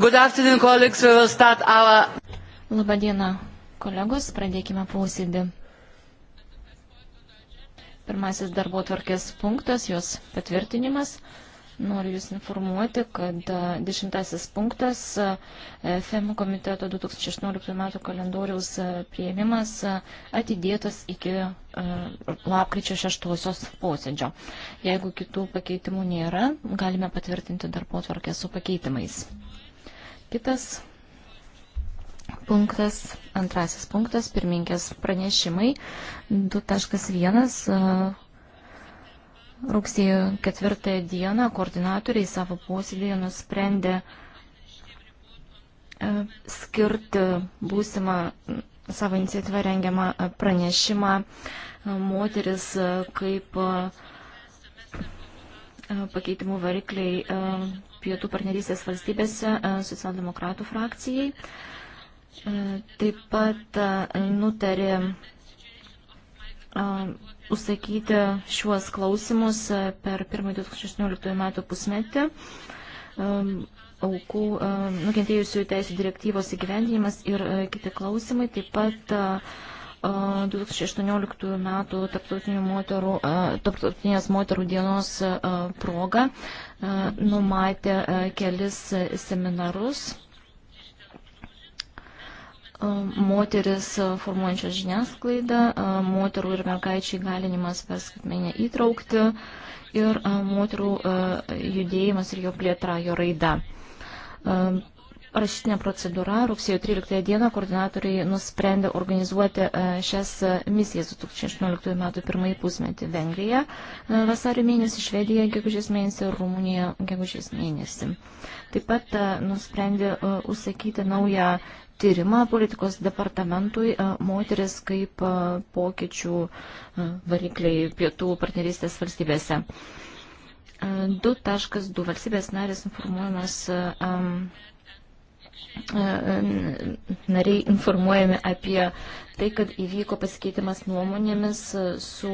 Good afternoon, colleagues. We will start our. Labadiena, kolegos, pradėkime posėdį. Pirmasis darbo tvarkės punktas, jos patvirtinimas. Noriu Jūs informuoti, kad dešimtasis punktas e, FEM komiteto 2016 m. kalendoriaus prieimimas atidėtas iki lapkričio 6 posėdžio. Jeigu kitų pakeitimų nėra, galime patvirtinti darbo tvarkę su pakeitimais. Kitas punktas, antrasis punktas, pirminkės pranešimai 2.1 Rugsėjo ketvirtąją dieną koordinatoriai savo posėdėje nusprendė e, skirti būsimą savo iniciatyvą rengiamą pranešimą e, moteris kaip e, pakeitimų varikliai pietų partnerystės valstybėse socialdemokratų frakcijai. Taip pat nutarė užsakyti šiuos klausimus per pirmąjį 2016 metų pusmetį. Aukų nukentėjusių teisų direktyvos įgyvendinimas ir kiti klausimai. Taip pat 2018 metų moterų, tarptautinės moterų dienos proga numatė kelis seminarus moteris formuojančios žiniasklaidą, moterų ir mergaičių įgalinimas per skaitmenę įtraukti ir moterų judėjimas ir jo plėtra, jo raida. Rašytinė procedūra rugsėjo 13 dieną koordinatoriai nusprendė organizuoti šias misijas 2018 m. pirmąjį pusmetį Vengrija, vasario mėnesį Švedija, gegužės mėnesį ir Rumunija gegužės mėnesį. Taip pat nusprendė užsakyti naują tyrimą politikos departamentui e, moteris kaip e, pokyčių e, varikliai pietų partnerystės valstybėse. 2.2 valstybės narės informuojamas nariai informuojami apie tai, kad įvyko pasikeitimas nuomonėmis su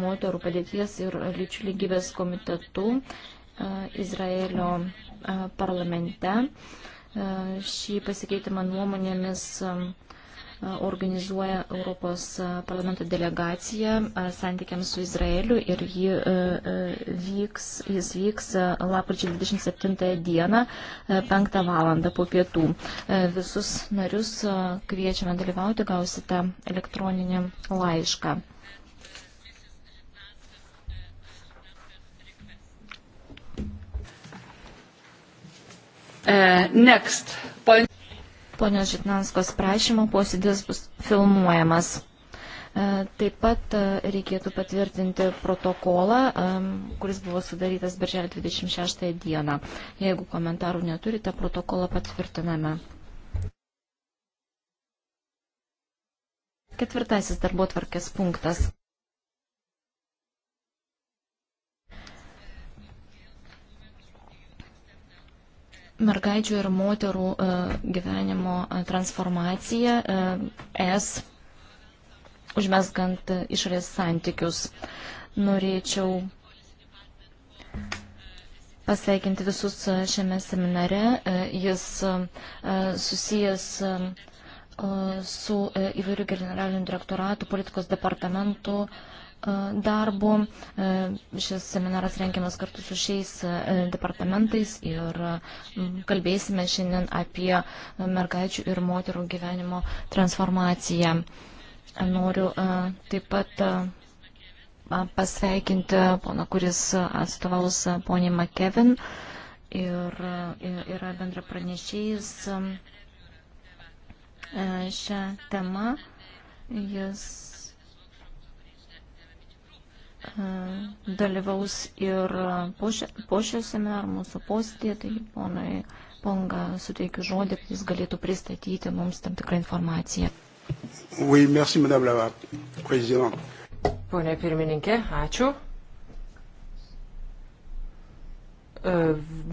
moterų padėties ir lyčių lygybės komitetu Izraelio parlamente. E, šį pasikeitimą nuomonėmis e, organizuoja Europos parlamento delegacija e, santykiams su Izraeliu ir ji, vyks, jis vyks lapkričio 27 dieną 5 valandą po pietų. Visus narius kviečiame dalyvauti, gausite elektroninį laišką. E, next. Point. Pone Žitnanskos prašymo posėdis bus filmuojamas. E, taip pat e, reikėtų patvirtinti protokolą, kuris buvo sudarytas birželio 26 dieną. Jeigu komentarų neturite, protokolą patvirtiname. Ketvirtasis darbo tvarkės punktas. mergaičių ir moterų e, gyvenimo e, transformacija e, es užmesgant išorės santykius. Norėčiau pasveikinti visus šiame seminare. Jis susijęs su įvairių generalinių direktoratų, politikos departamentų, darbu. E, šis seminaras renkiamas kartu su šiais e, departamentais ir kalbėsime šiandien apie mergaičių ir moterų gyvenimo transformaciją. Noriu e, taip pat pasveikinti poną, kuris atstovaus poniai McKevin ir yra bendra pranešėjas šią temą. Jis dalyvaus ir po, šio, po šio seminaro mūsų postėje, tai ponui Ponga suteikiu žodį, jis galėtų pristatyti mums tam tikrą informaciją. Oui, merci, madame la présidente. Pone pirmininkė, ačiū. E,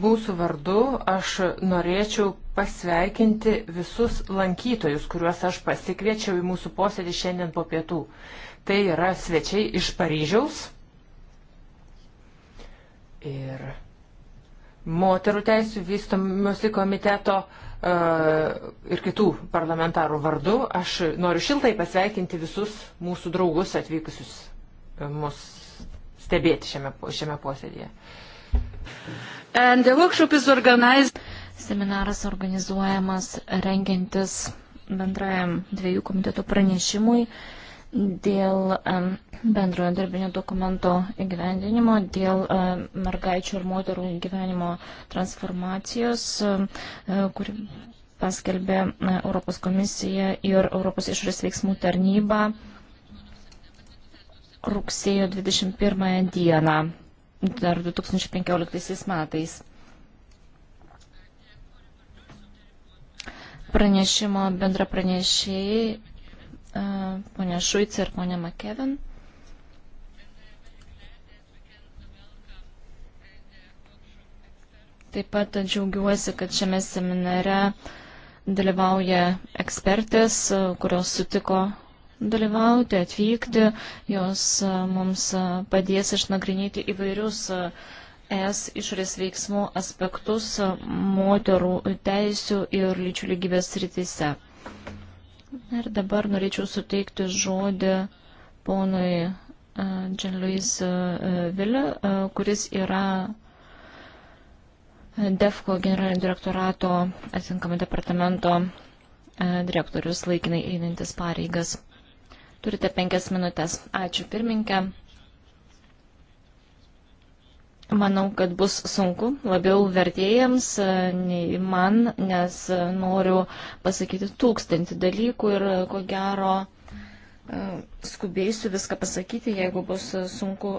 mūsų vardu aš norėčiau pasveikinti visus lankytojus, kuriuos aš pasikviečiau į mūsų posėdį šiandien po pietų. Tai yra svečiai iš Paryžiaus ir moterų teisų vystomosi komiteto e, ir kitų parlamentarų vardu. Aš noriu šiltai pasveikinti visus mūsų draugus atvykusius e, mus stebėti šiame, šiame posėdėje. Seminaras organizuojamas rengiantis bendrajam dviejų komitetų pranešimui. Uh, dėl bendrojo darbinio dokumento įgyvendinimo, dėl mergaičių ir moterų gyvenimo transformacijos, e, kuri paskelbė e, Europos komisija ir Europos išorės veiksmų tarnyba rugsėjo 21 dieną, dar 2015 metais. Pranešimo bendra pranešėjai ponia Šuica ir ponia Makevin. Taip pat džiaugiuosi, kad šiame seminare dalyvauja ekspertės, kurios sutiko dalyvauti, atvykti. Jos mums padės išnagrinėti įvairius es išorės veiksmų aspektus moterų teisių ir lyčių lygybės rytise. Ir dabar norėčiau suteikti žodį ponui Džanluis e, e, Vilė, e, kuris yra DEFCO generalinio direktorato atitinkamo departamento direktorius laikinai einantis pareigas. Turite penkias minutės. Ačiū pirminkę. Manau, kad bus sunku labiau vertėjams e, nei man, nes e, noriu pasakyti tūkstantį dalykų ir e, ko gero skubėsiu viską pasakyti, jeigu bus sunku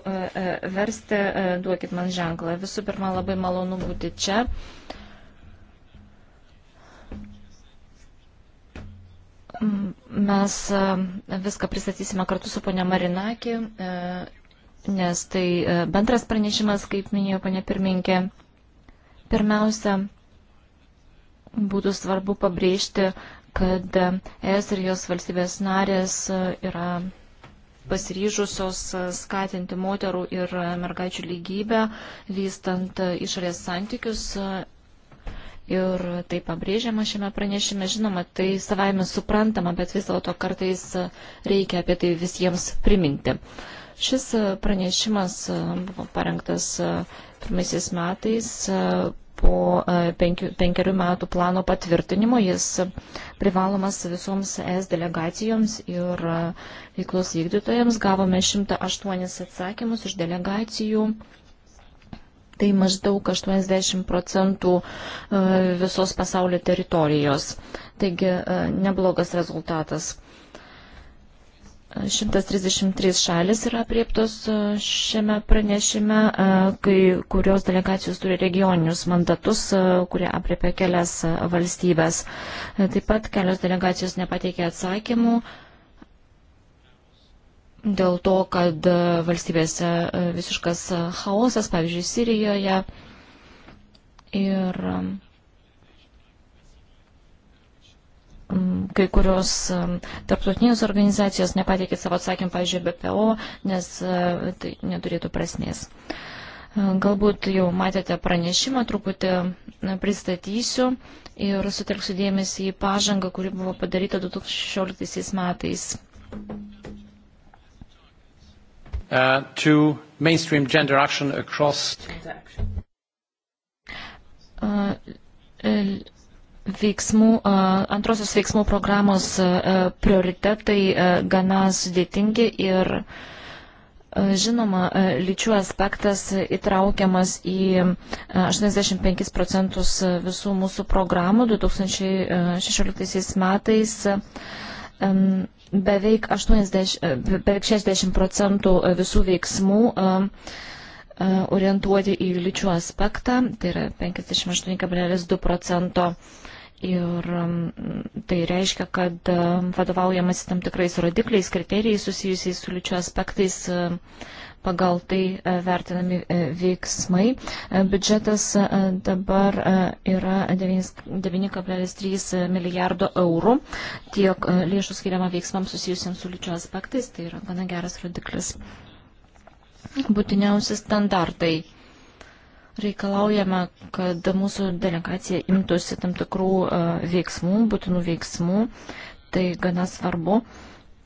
versti, duokit man ženklą. Visų pirma, labai malonu būti čia. Mes viską pristatysime kartu su ponia Marinaki nes tai e, bendras pranešimas, kaip minėjo ponia pirminkė. Pirmiausia, būtų svarbu pabrėžti, kad ES ir jos valstybės narės e, yra pasiryžusios e, skatinti moterų ir mergaičių lygybę, vystant išorės santykius. Ir tai pabrėžiama šiame pranešime, žinoma, tai savaime suprantama, bet vis dėlto kartais reikia apie tai visiems priminti. Uh, Šis e, pranešimas e, buvo parengtas e, pirmaisiais metais po penkerių metų plano patvirtinimo. Jis privalomas visoms ES delegacijoms ir veiklos vykdytojams. Gavome 108 atsakymus iš delegacijų. Tai maždaug 80 procentų visos pasaulio teritorijos. Taigi neblogas rezultatas. 133 šalis yra prieptos e, šiame pranešime, e, kai kurios delegacijos turi regioninius mandatus, e, kurie apriepia kelias valstybės. Taip pat kelios delegacijos nepateikė atsakymų dėl to, kad valstybėse visiškas chaosas, pavyzdžiui, Sirijoje. Ir kai kurios tarptautinės organizacijos nepateikė savo atsakymą, pavyzdžiui, BPO, nes e, tai neturėtų prasmės. E, galbūt jau matėte pranešimą, truputį pristatysiu ir sutelksiu dėmesį į pažangą, kuri buvo padaryta 2016 metais. Uh, to mainstream gender action across. Uh, Veiksmų, antrosios veiksmų programos prioritetai gana sudėtingi ir Žinoma, lyčių aspektas įtraukiamas į 85 procentus visų mūsų programų 2016 metais. Beveik, 80, beveik 60 procentų visų veiksmų orientuoti į lyčių aspektą, tai yra 58,2 procento Ir um, tai reiškia, kad um, vadovaujamas tam tikrais rodikliais, kriterijais susijusiais su lyčių aspektais, um, pagal tai uh, vertinami uh, veiksmai. Uh, biudžetas dabar yra 9,3 milijardo eurų. Tiek lėšų skiriama veiksmams susijusiems su lyčių aspektais, tai yra gana geras rodiklis. Būtiniausi standartai reikalaujame, kad mūsų delegacija imtųsi tam tikrų e, veiksmų, būtinų veiksmų. Tai gana svarbu.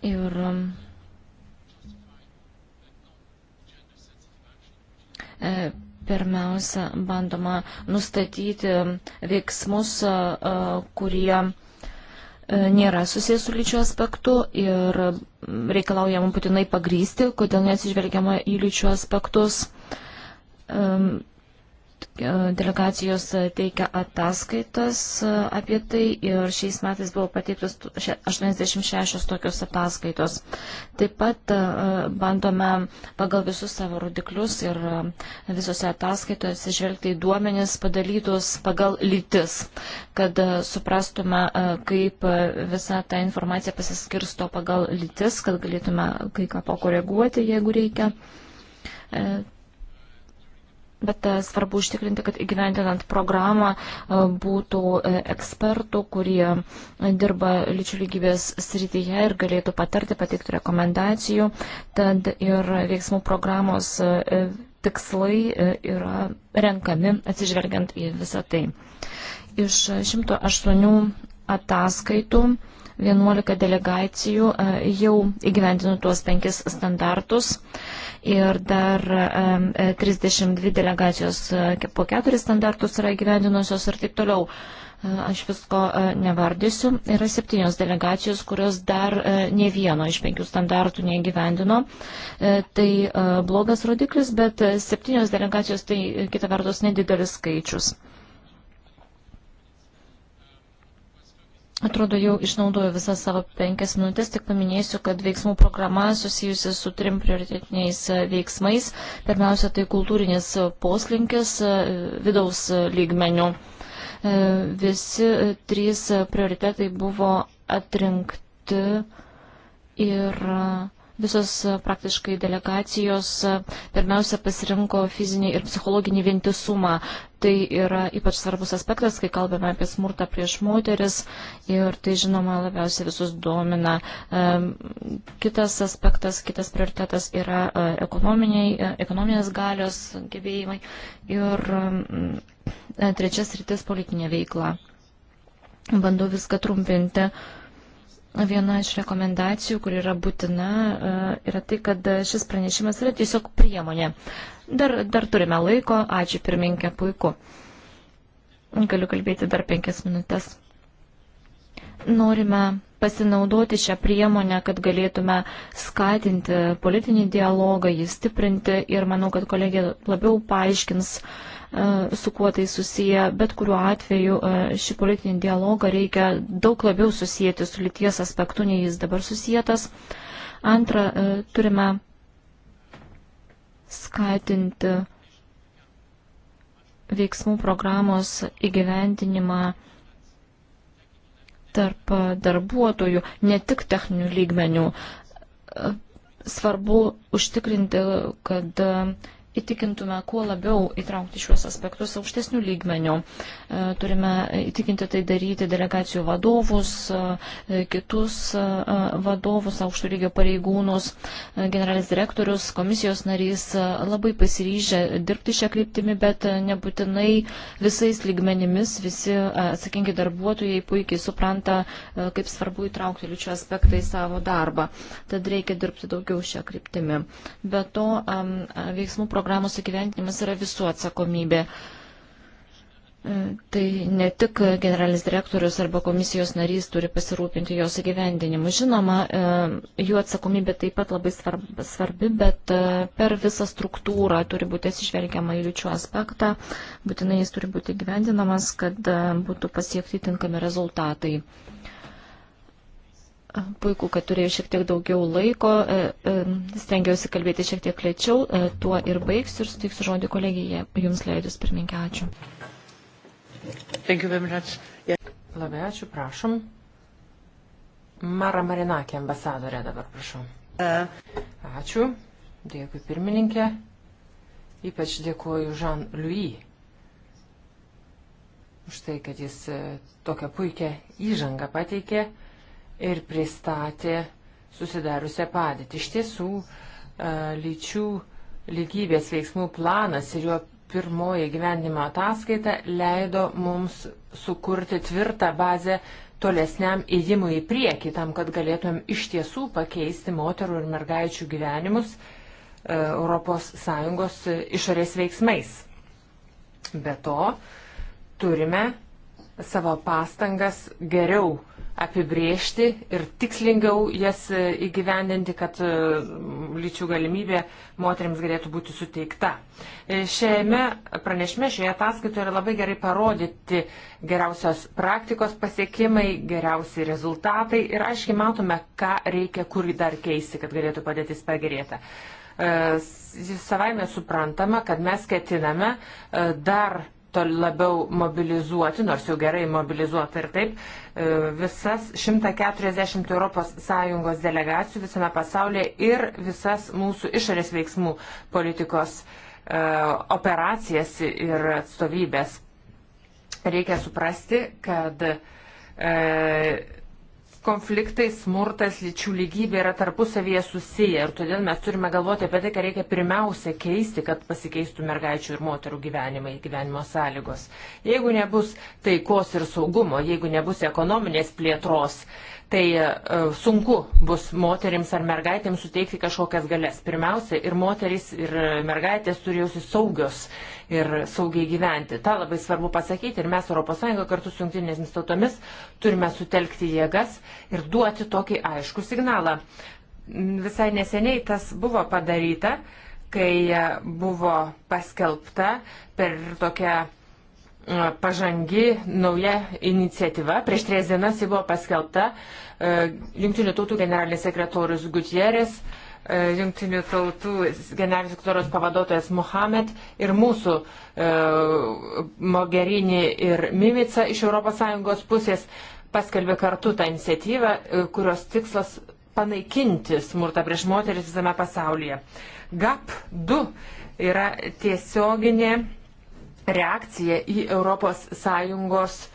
Ir e, pirmiausia, bandoma nustatyti veiksmus, e, kurie nėra susijęs su lyčių aspektu ir reikalaujama būtinai pagrysti, kodėl neatsižvelgiama į lyčių aspektus delegacijos teikia ataskaitas apie tai ir šiais metais buvo pateiktos 86 tokios ataskaitos. Taip pat e, bandome pagal visus savo rodiklius ir e, visose ataskaitose žvelgti į duomenis padalytus pagal lytis, kad e, suprastume, kaip visa ta informacija pasiskirsto pagal lytis, kad galėtume kai ką pakoreguoti, jeigu reikia. Bet e, svarbu užtikrinti, kad įgyvendinant programą e, būtų e, ekspertų, kurie dirba lyčių lygybės srityje ir galėtų patarti, pateikti rekomendacijų. Tad ir veiksmų programos tikslai yra renkami atsižvelgiant į visą tai. Iš 108 ataskaitų 11 delegacijų e, jau įgyvendino tuos penkis standartus ir dar 32 e, e, delegacijos po keturis standartus yra įgyvendinusios ir taip toliau. Aš visko nevardysiu. Yra septynios delegacijos, kurios dar ne vieno iš penkių standartų neįgyvendino. Tai blogas rodiklis, bet septynios delegacijos tai kita vertus nedidelis skaičius. Atrodo, jau išnaudoju visas savo penkias minutės, tik paminėsiu, kad veiksmų programa susijusi su trim prioritetiniais e, veiksmais. Pirmiausia, tai kultūrinis poslinkis e, vidaus lygmenių. E, visi trys prioritetai buvo atrinkti ir Visos e, praktiškai delegacijos e, pirmiausia pasirinko fizinį ir psichologinį vientisumą. Tai yra ypač svarbus aspektas, kai kalbame apie smurtą prieš moteris ir tai žinoma labiausiai visus domina. E, kitas aspektas, kitas prioritetas yra ekonominės galios gebėjimai ir trečias rytis politinė veikla. Bandau viską trumpinti. Viena iš rekomendacijų, kur yra būtina, e, yra tai, kad šis pranešimas yra tiesiog priemonė. Dar, dar turime laiko, ačiū pirminkė, puiku. Galiu kalbėti dar penkias minutės. Norime pasinaudoti šią priemonę, kad galėtume skatinti politinį dialogą, jį stiprinti ir manau, kad kolegė labiau paaiškins uh, E, su kuo tai susiję, bet kuriuo atveju e, šį politinį dialogą reikia daug labiau susijęti su lyties aspektu, nei jis dabar susijęs. Antra, e, turime skatinti veiksmų programos įgyvendinimą tarp darbuotojų, ne tik techninių lygmenių. Svarbu užtikrinti, kad įtikintume kuo labiau įtraukti šiuos aspektus aukštesnių lygmenių. E, turime įtikinti tai daryti delegacijų vadovus, e, kitus e, vadovus, aukštų lygio pareigūnus, generalinis direktorius, komisijos narys labai pasiryžę dirbti šią kryptimį, bet nebūtinai visais lygmenimis visi atsakingi darbuotojai puikiai supranta, kaip svarbu įtraukti lyčių aspektą į savo darbą. Tad reikia dirbti daugiau šią kryptimį. Be to, veiksmų programų programos įgyventinimas yra visų atsakomybė. E, tai ne tik generalinis direktorius arba komisijos narys turi pasirūpinti jos įgyvendinimu. Žinoma, e, jų atsakomybė taip pat labai svarbi, bet e, per visą struktūrą turi būti atsižvelgiama į lyčių aspektą, būtinai jis turi būti gyvendinamas, kad būtų pasiekti tinkami rezultatai. Puiku, kad turėjau šiek tiek daugiau laiko, e, e, stengiausi kalbėti šiek tiek lėčiau, e, tuo ir baigsiu ir suteiksiu žodį kolegijai, jums leidus pirmininkė, ačiū. Yeah. Labai ačiū, prašom. Mara Marinakė, ambasadorė dabar, prašau. Uh. Ačiū, dėkui pirmininkė, ypač dėkuoju Žan Louis už tai, kad jis tokią puikią įžangą pateikė ir pristatė susidariusią padėtį. Iš tiesų, e, lyčių lygybės veiksmų planas ir jo pirmoji gyvenimo ataskaita leido mums sukurti tvirtą bazę tolesniam įjimui į priekį, tam, kad galėtumėm iš tiesų pakeisti moterų ir mergaičių gyvenimus ES išorės veiksmais. Be to, turime savo pastangas geriau apibriežti ir tikslingiau jas e, įgyvendinti, kad e, lyčių galimybė moteriams galėtų būti suteikta. E, šiame pranešime, šioje ataskaitoje yra labai gerai parodyti geriausios praktikos pasiekimai, geriausi rezultatai ir aiškiai matome, ką reikia, kur dar keisti, kad galėtų padėtis pagerėta. Savaime suprantama, kad mes ketiname dar tol labiau mobilizuoti, nors jau gerai mobilizuota ir taip, e, visas 140 ES delegacijų visame pasaulyje ir visas mūsų išorės veiksmų politikos e, operacijas ir atstovybės. Reikia suprasti, kad e, konfliktai, smurtas, lyčių lygybė yra tarpusavyje susiję ir todėl mes turime galvoti apie tai, ką reikia pirmiausia keisti, kad pasikeistų mergaičių ir moterų gyvenimai, gyvenimo sąlygos. Jeigu nebus taikos ir saugumo, jeigu nebus ekonominės plėtros, uh, tai e, sunku bus moterims ar mergaitėms suteikti kažkokias galės. Pirmiausia, ir moteris, ir mergaitės turi jausis saugios ir saugiai gyventi. Ta labai svarbu pasakyti ir mes ES kartu su jungtinėmis tautomis turime sutelkti jėgas ir duoti tokį aišku signalą. Visai neseniai tas buvo padaryta, kai buvo paskelbta per tokią pažangi nauja iniciatyva. Prieš tris dienas ji buvo paskelbta e, Junktinių tautų generalinis sekretorius Gutierrez, e, Junktinių tautų generalinis sekretorius pavaduotojas Mohamed ir mūsų e, Mogherini ir Mimica iš ES pusės paskelbė kartu tą iniciatyvą, kurios tikslas panaikinti smurtą prieš moteris visame pasaulyje. GAP 2 yra tiesioginė reakcija į ES e,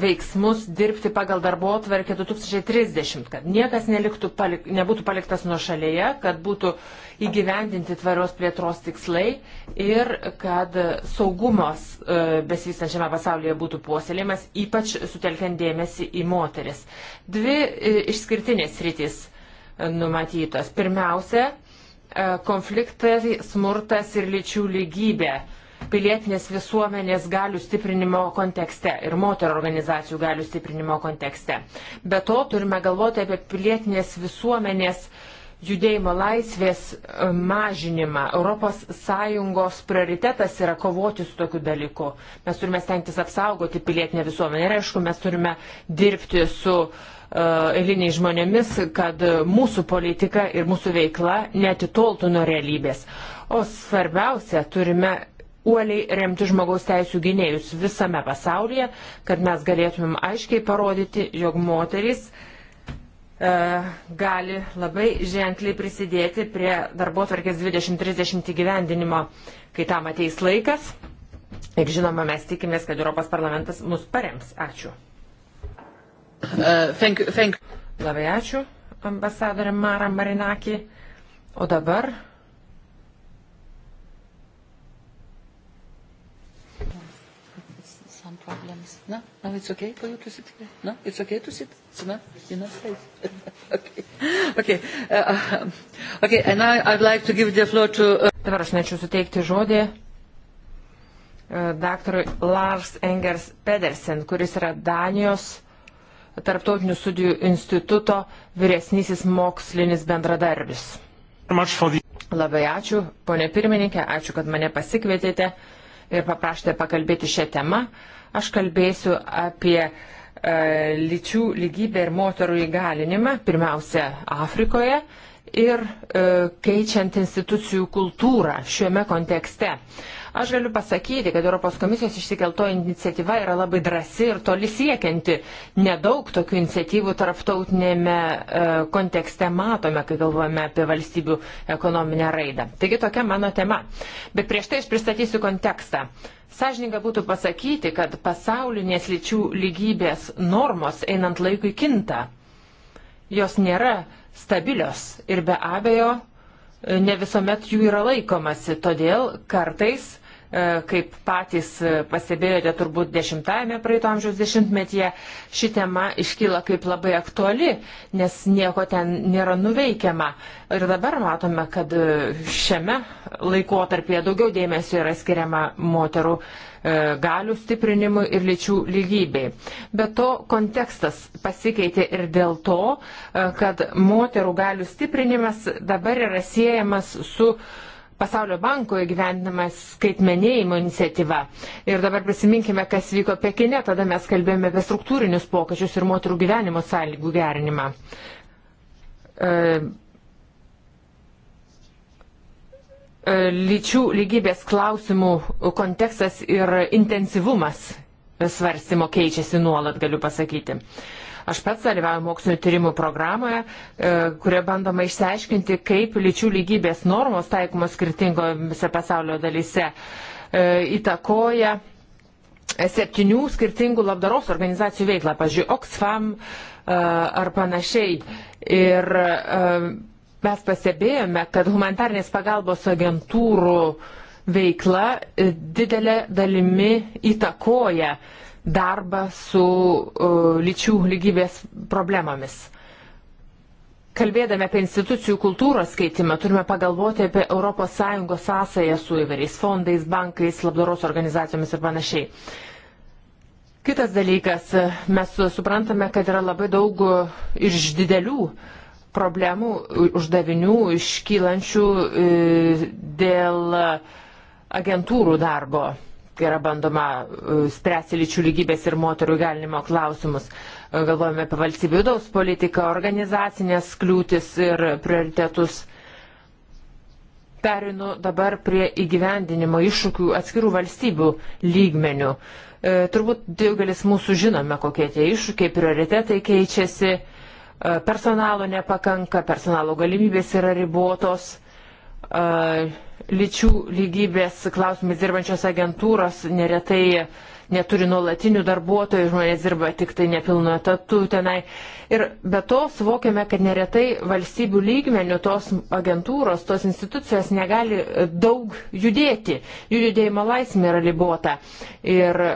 veiksmus dirbti pagal darbo atvarkę 2030, kad niekas neliktų, palik, nebūtų paliktas nuo šalyje, kad būtų įgyvendinti tvarios plėtros tikslai ir kad saugumas e, besivystančiame pasaulyje būtų puoselėjimas, ypač sutelkiant dėmesį į moteris. Dvi e, išskirtinės rytis e, numatytos. Pirmiausia, e, konfliktai, smurtas ir lyčių lygybė. E, pilietinės visuomenės galių stiprinimo kontekste ir moterų organizacijų galių stiprinimo kontekste. Be to turime galvoti apie pilietinės visuomenės judėjimo laisvės e, mažinimą. ES prioritetas yra kovoti su tokiu dalyku. Mes turime stengtis apsaugoti pilietinę visuomenę ir aišku, mes turime dirbti su uh, e, eiliniai žmonėmis, kad mūsų politika ir mūsų veikla netitoltų nuo realybės. O svarbiausia, turime uoliai remti žmogaus teisų gynėjus visame pasaulyje, kad mes galėtumėm aiškiai parodyti, jog moterys e, gali labai ženkliai prisidėti prie darbo tvarkės 2030 įgyvendinimo, kai tam ateis laikas. Ir žinoma, mes tikimės, kad Europos parlamentas mus parems. Ačiū. Uh, thank you, thank you. Labai ačiū ambasadorė Mara Marinaki. O dabar problems. No, no, it's okay for you to sit here. No, it's okay to sit. It's enough. Enough space. okay. Okay. Uh, um, okay. And now I'd like to give the floor to. Uh... Dabar aš norėčiau suteikti žodį uh, daktarui Lars Engers Pedersen, kuris yra Danijos Tarptautinių studijų instituto vyresnysis mokslinis bendradarbis. Labai ačiū, ponė pirmininkė, ačiū, kad mane pasikvietėte ir paprašėte pakalbėti šią temą. Aš kalbėsiu apie e, lyčių lygybę ir moterų įgalinimą, pirmiausia, Afrikoje ir e, keičiant institucijų kultūrą šiame kontekste. E, Aš galiu pasakyti, kad Europos komisijos išsikelto iniciatyva yra labai drasi ir toli siekianti. Nedaug tokių iniciatyvų tarptautinėme e, kontekste matome, kai galvojame apie valstybių ekonominę raidą. Taigi tokia mano tema. Bet prieš tai aš pristatysiu kontekstą. Sažininga būtų pasakyti, kad pasaulinės lyčių lygybės normos einant laikui kinta. Jos nėra stabilios ir be abejo e, ne visuomet jų yra laikomasi. Todėl kartais E, kaip patys pastebėjote turbūt dešimtajame praeito amžiaus dešimtmetyje, ši tema iškyla kaip labai aktuali, nes nieko ten nėra nuveikiama. Ir dabar matome, kad šiame laikotarpyje daugiau dėmesio yra skiriama moterų e, galių stiprinimui ir lyčių lygybei. Be to, kontekstas pasikeitė ir dėl to, e, kad moterų galių stiprinimas dabar yra siejamas su uh, Pasaulio banko įgyvendinama skaitmenėjimo iniciatyva. Ir dabar prisiminkime, kas vyko Pekine, tada mes kalbėjome apie struktūrinius pokyčius ir moterų gyvenimo sąlygų gerinimą. E, e lyčių lygybės klausimų kontekstas ir intensyvumas svarstymo keičiasi nuolat, galiu pasakyti. Aš pats dalyvauju mokslinio tyrimų programoje, e, kurioje bandoma išsiaiškinti, kaip lyčių lygybės normos taikomos skirtingose pasaulio dalyse e, įtakoja septynių skirtingų labdaros organizacijų veiklą, pavyzdžiui, Oxfam e, ar panašiai. Ir mes pastebėjome, kad humanitarnės pagalbos agentūrų uh, veikla e, didelė dalimi įtakoja darbą su uh, lyčių lygybės problemomis. Kalbėdami apie institucijų kultūros keitimą, turime pagalvoti apie ES sąsąją su įvairiais fondais, bankais, labdaros organizacijomis ir panašiai. Kitas dalykas, e, mes suprantame, kad yra labai daug iš didelių problemų, uždavinių iškylančių dėl uh, agentūrų darbo, kai yra bandoma e, spręsti lyčių lygybės ir moterų galinimo klausimus. E, galvojame apie valstybių vidaus politiką, organizacinės kliūtis ir prioritetus. Perinu dabar prie įgyvendinimo iššūkių atskirų valstybių lygmenių. E, turbūt daugelis mūsų žinome, kokie tie iššūkiai, prioritetai keičiasi, e, personalo nepakanka, personalo galimybės yra ribotos. E, Lyčių lygybės klausimais dirbančios agentūros neretai neturi nuolatinių darbuotojų, žmonės dirba tik tai nepilnu etatu tenai. Ir be to suvokiame, kad neretai valstybių lygmenių tos agentūros, tos institucijos negali daug judėti. Jų judėjimo laisvė yra ribota. Ir e,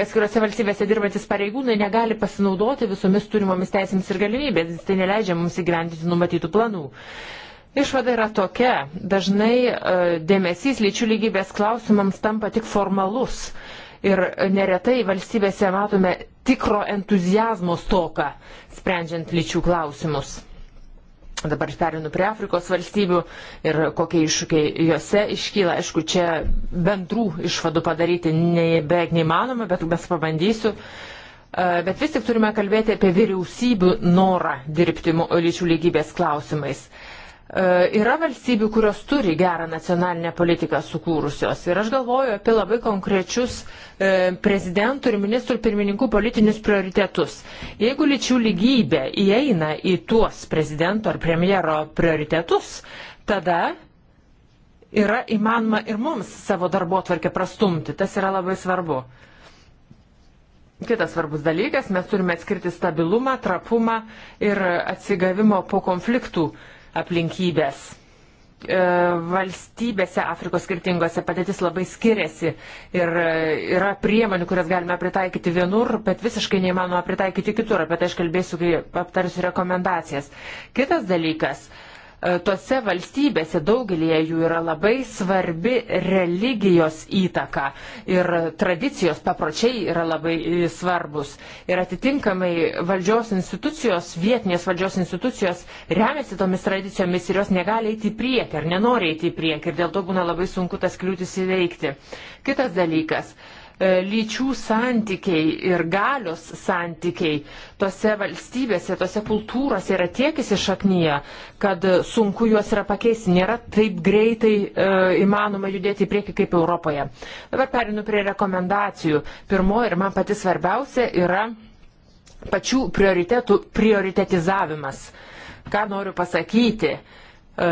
kas kuriuose valstybėse dirbantis pareigūnai negali pasinaudoti visomis turimomis teisėmis ir galimybėmis. Tai neleidžia mums įgyvendinti numatytų planų. Išvada yra tokia, dažnai e, dėmesys lyčių lygybės klausimams tampa tik formalus ir neretai valstybėse matome tikro entuzijazmo stoką, sprendžiant lyčių klausimus. Dabar perinu prie Afrikos valstybių ir kokie iššūkiai juose iškyla. Aišku, čia bendrų išvadų padaryti ne, beveik neįmanoma, bet mes pabandysiu. E, bet vis tik turime kalbėti apie vyriausybių norą dirbti lyčių lygybės klausimais. E, yra valstybių, kurios turi gerą nacionalinę politiką sukūrusios. Ir aš galvoju apie labai konkrečius e, prezidentų ir ministrų pirmininkų politinius prioritetus. Jeigu lyčių lygybė įeina į tuos prezidento ar premjero prioritetus, tada yra įmanoma ir mums savo darbo tvarkę prastumti. Tas yra labai svarbu. Kitas svarbus dalykas, mes turime atskirti stabilumą, trapumą ir atsigavimo po konfliktų uh, aplinkybės. E, valstybėse Afrikos skirtingose padėtis labai skiriasi ir e, yra priemonių, kurias galime pritaikyti vienur, bet visiškai neįmanoma pritaikyti kitur. Apie tai aš kalbėsiu, kai aptarsiu rekomendacijas. Kitas dalykas E, tose valstybėse daugelie jų yra labai svarbi religijos įtaka ir tradicijos papročiai yra labai e, svarbus. Ir atitinkamai valdžios institucijos, vietinės valdžios institucijos remiasi tomis tradicijomis ir jos negali eiti į priekį ar nenori eiti į priekį ir dėl to būna labai sunku tas kliūtis įveikti. Kitas dalykas. Uh, E, lyčių santykiai ir galios santykiai tose valstybėse, tose kultūrose yra tiek įsišaknyje, kad sunku juos yra pakeisti, nėra taip greitai e, įmanoma judėti į priekį kaip Europoje. Dabar perinu prie rekomendacijų. Pirmoji ir man pati svarbiausia yra pačių prioritetų prioritetizavimas. Ką noriu pasakyti? E, E,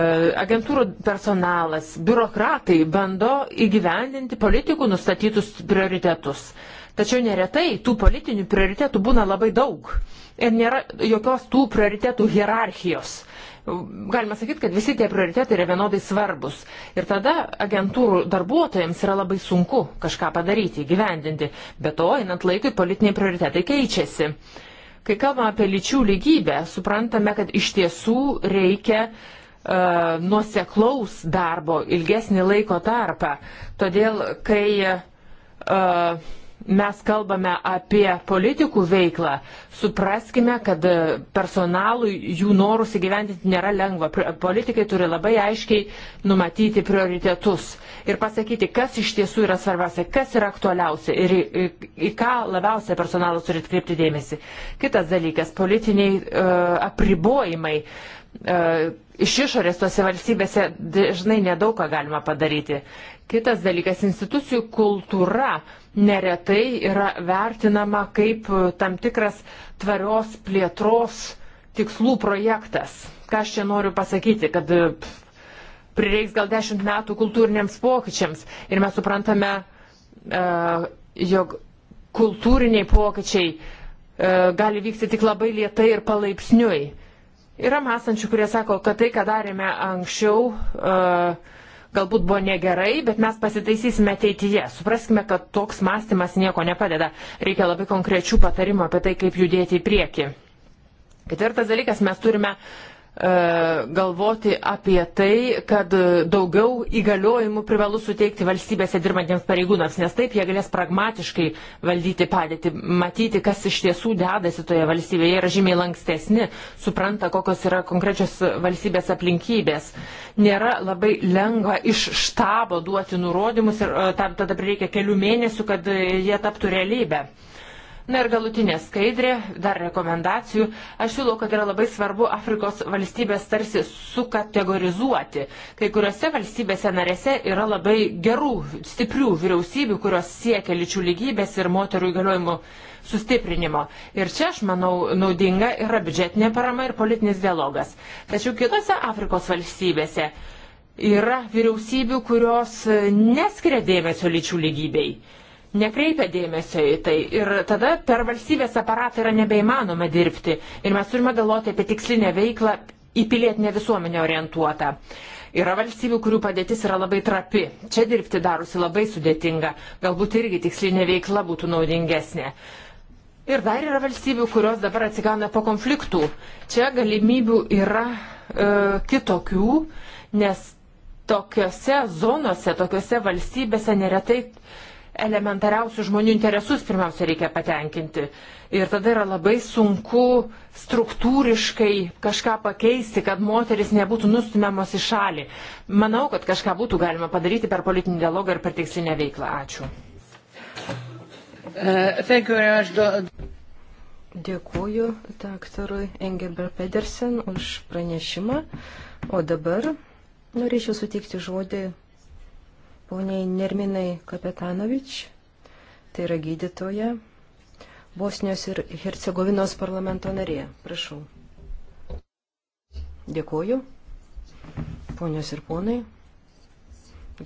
agentūrų personalas, biurokratai bando įgyvendinti politikų nustatytus prioritetus. Tačiau neretai tų politinių prioritetų būna labai daug ir nėra jokios tų prioritetų hierarchijos. Galima sakyti, kad visi tie prioritetai yra vienodai svarbus. Ir tada agentūrų darbuotojams yra labai sunku kažką padaryti, gyvendinti. Be to, einant laikui, politiniai prioritetai keičiasi. Kai kalbame apie lyčių lygybę, suprantame, kad iš tiesų reikia uh, E, nuoseklaus darbo ilgesnį laiko tarpą. Todėl, kai e, mes kalbame apie politikų veiklą, supraskime, kad personalui jų norus įgyvendinti nėra lengva. Politikai turi labai aiškiai numatyti prioritetus ir pasakyti, kas iš tiesų yra svarbiausia, kas yra aktualiausia ir į, į, į ką labiausia personalas turi atkreipti dėmesį. Kitas dalykas - politiniai uh, apribojimai. Uh, E, iš išorės tose valstybėse dažnai nedaug ką galima padaryti. Kitas dalykas - institucijų kultūra neretai yra vertinama kaip tam tikras tvarios plėtros tikslų projektas. Ką aš čia noriu pasakyti, kad prireiks gal dešimt metų kultūriniams pokyčiams ir mes suprantame, e, jog kultūriniai pokyčiai e, gali vykti tik labai lietai ir palaipsniui. Yra mąstančių, kurie sako, kad tai, ką darėme anksčiau, e, galbūt buvo negerai, bet mes pasitaisysime ateityje. Supraskime, kad toks mąstymas nieko nepadeda. Reikia labai konkrečių patarimų apie tai, kaip judėti į priekį. Ketvirtas dalykas, mes turime uh, E, galvoti apie tai, kad daugiau įgaliojimų privalu suteikti valstybėse dirbantiems pareigūnams, nes taip jie galės pragmatiškai valdyti padėtį, matyti, kas iš tiesų dedasi toje valstybėje, jie yra žymiai lankstesni, supranta, kokios yra konkrečios valstybės aplinkybės. Nėra labai lengva iš štabo duoti nurodymus ir e, tam tada prireikia kelių mėnesių, kad e, jie taptų realybę. Na ir galutinė skaidrė, dar rekomendacijų. Aš siūlau, kad yra labai svarbu Afrikos valstybės tarsi sukategorizuoti. Kai kuriuose valstybėse narėse yra labai gerų, stiprių vyriausybių, kurios siekia lyčių lygybės ir moterų įgaliojimų sustiprinimo. Ir čia, aš manau, naudinga yra biudžetinė parama ir politinis dialogas. Tačiau kitose Afrikos valstybėse yra vyriausybių, kurios neskiria dėmesio lyčių lygybei nekreipia dėmesio į tai ir tada per valstybės aparatą yra nebeįmanoma dirbti ir mes turime galvoti apie tikslinę veiklą į pilietinę visuomenę orientuotą. Yra valstybių, kurių padėtis yra labai trapi. Čia dirbti darosi labai sudėtinga. Galbūt irgi tikslinė veikla būtų naudingesnė. Ir dar yra valstybių, kurios dabar atsigauna po konfliktų. Čia galimybių yra e, kitokių, nes tokiuose zonuose, tokiuose valstybėse neretai elementariausių žmonių interesus pirmiausia reikia patenkinti. Ir tada yra labai sunku struktūriškai kažką pakeisti, kad moteris nebūtų nustumiamos į šalį. Manau, kad kažką būtų galima padaryti per politinį dialogą ir per tikslinę veiklą. Ačiū. Uh, Dėkuoju daktarui Engelbert Pedersen už pranešimą. O dabar norėčiau suteikti žodį poniai Nerminai Kapetanovič, tai yra gydytoja, Bosnijos ir Hercegovinos parlamento narė. Prašau. Dėkoju, ponios ir ponai,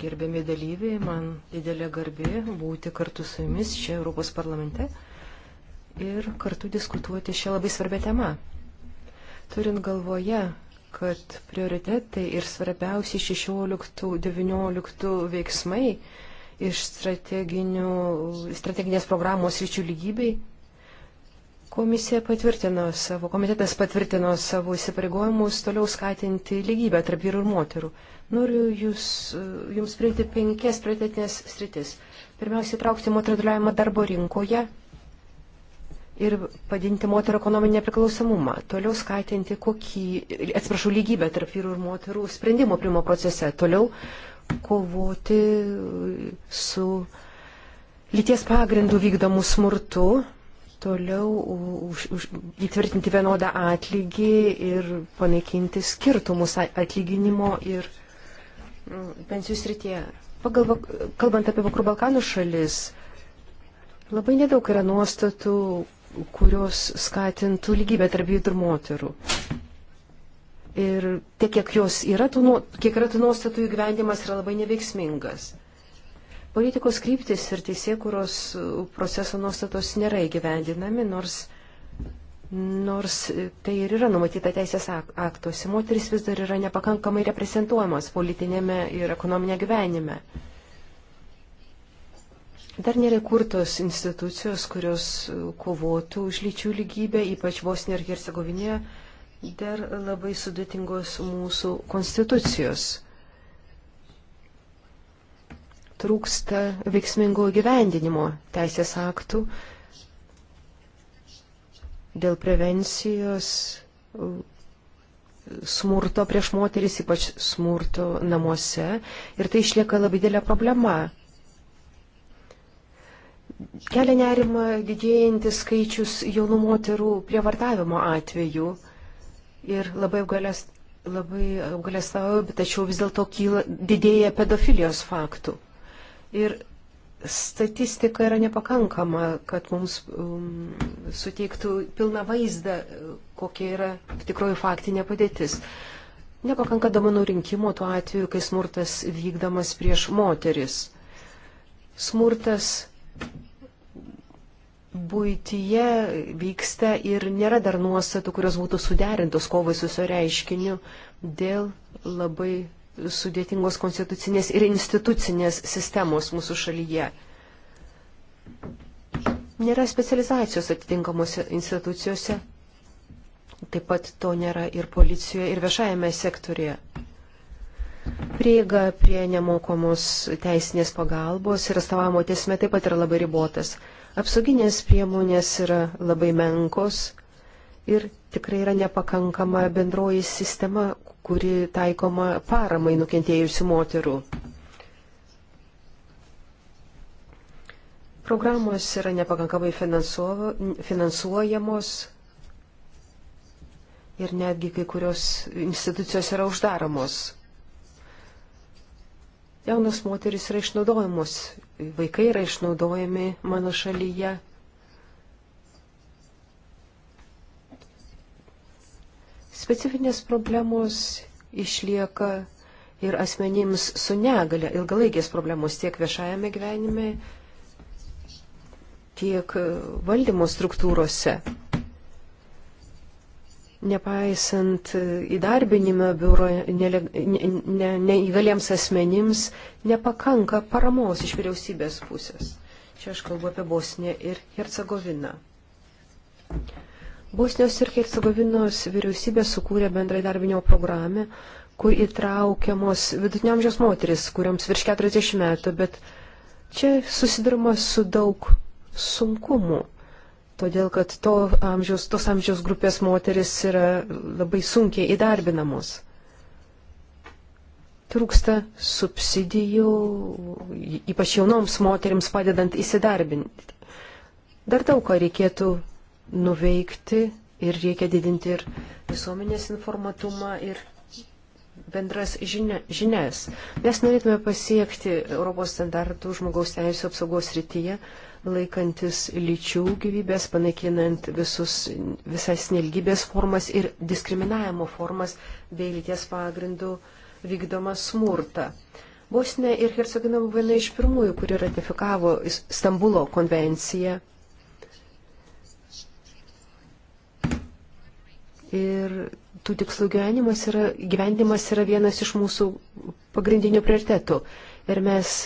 gerbiami dalyviai, man didelė garbė būti kartu su jumis čia Europos parlamente ir kartu diskutuoti šią labai svarbę temą. Turint galvoje kad prioritetai ir svarbiausi 16-19 veiksmai iš strateginės programos ryčių lygybei. Komisija patvirtino savo, komitetas patvirtino savo įsipareigojimus toliau skatinti lygybę tarp vyrų ir moterų. Noriu jūs, jums priimti penkias prioritetinės sritis. Pirmiausia, traukti moterų dalyvavimą darbo rinkoje, ir padinti moterų ekonominį nepriklausomumą, toliau skatinti kokį, atsiprašau, lygybę tarp vyrų ir moterų sprendimo primo procese, toliau kovoti su lyties pagrindų vykdomų smurtų, toliau už, už, įtvirtinti vienodą atlygį ir panaikinti skirtumus atlyginimo ir mm, pensijų srityje. Pagal, kalbant apie Vakarų Balkanų šalis, labai nedaug yra nuostatų, kurios skatintų lygybę tarp vyrų ir moterų. Ir tiek, kiek, yra, tų, kiek yra tų nuostatų įgyvendimas, yra labai neveiksmingas. Politikos kryptis ir teisėkuros proceso nuostatos nėra įgyvendinami, nors, nors tai ir yra numatyta teisės aktuose. Moteris vis dar yra nepakankamai reprezentuojamas politinėme ir ekonominėme gyvenime. Dar nėra kurtos institucijos, kurios e, kovotų už lyčių lygybę, ypač Bosnija ir Hercegovinė, dar labai sudėtingos mūsų konstitucijos. Trūksta veiksmingo gyvendinimo teisės aktų dėl prevencijos e, smurto prieš moteris, ypač smurto namuose. Ir tai išlieka labai dėlė problema kelia nerima didėjantis skaičius jaunų moterų prievartavimo atvejų. Ir labai galės, labai apgalėstavau, bet tačiau vis dėlto didėja pedofilijos faktų. Ir statistika yra nepakankama, kad mums um, suteiktų pilną vaizdą, kokia yra tikroji faktinė padėtis. Nepakanka domenų rinkimo tuo atveju, kai smurtas vykdamas prieš moteris. Smurtas būtyje vyksta ir nėra dar nuostatų, kurios būtų suderintos kovai su šio reiškiniu dėl labai sudėtingos konstitucinės ir institucinės sistemos mūsų šalyje. Nėra specializacijos atitinkamuose institucijose, taip pat to nėra ir policijoje, ir viešajame sektorėje. Prieiga prie nemokamos teisinės pagalbos ir atstovavimo tiesme taip pat yra labai ribotas. Apsauginės priemonės yra labai menkos ir tikrai yra nepakankama bendroji sistema, kuri taikoma paramai nukentėjusių moterų. Programos yra nepakankamai finansuojamos ir netgi kai kurios institucijos yra uždaromos. Jaunas moteris yra išnaudojamos vaikai yra išnaudojami mano šalyje. Specifinės problemos išlieka ir asmenims su negale, ilgalaikės problemos tiek viešajame gyvenime, tiek valdymo struktūrose. Nepaisant įdarbinimo biuro neįgaliems asmenims nepakanka paramos iš vyriausybės pusės. Čia aš kalbu apie Bosniją ir Hercegoviną. Bosnijos ir Hercegovinos vyriausybė sukūrė bendrą įdarbinimo programą, kur įtraukiamos vidutiniamžios moteris, kuriams virš 40 metų, bet čia susidurima su daug sunkumų todėl kad to amžiaus, tos amžiaus grupės moteris yra labai sunkiai įdarbinamos. Trūksta subsidijų, ypač jaunoms moteriams padedant įsidarbinti. Dar daug ką reikėtų nuveikti ir reikia didinti ir visuomenės informatumą ir bendras žinia, žinias. Mes norėtume pasiekti Europos standartų žmogaus teisų apsaugos rytyje, laikantis lyčių gyvybės, panaikinant visus, visas nelgybės formas ir diskriminavimo formas bei lyties pagrindų vykdomą smurtą. Bosnė ir Hercegovina buvo viena iš pirmųjų, kuri ratifikavo Stambulo konvenciją. Ir tų tikslų gyvenimas yra, gyvendimas yra vienas iš mūsų pagrindinių prioritetų. Ir mes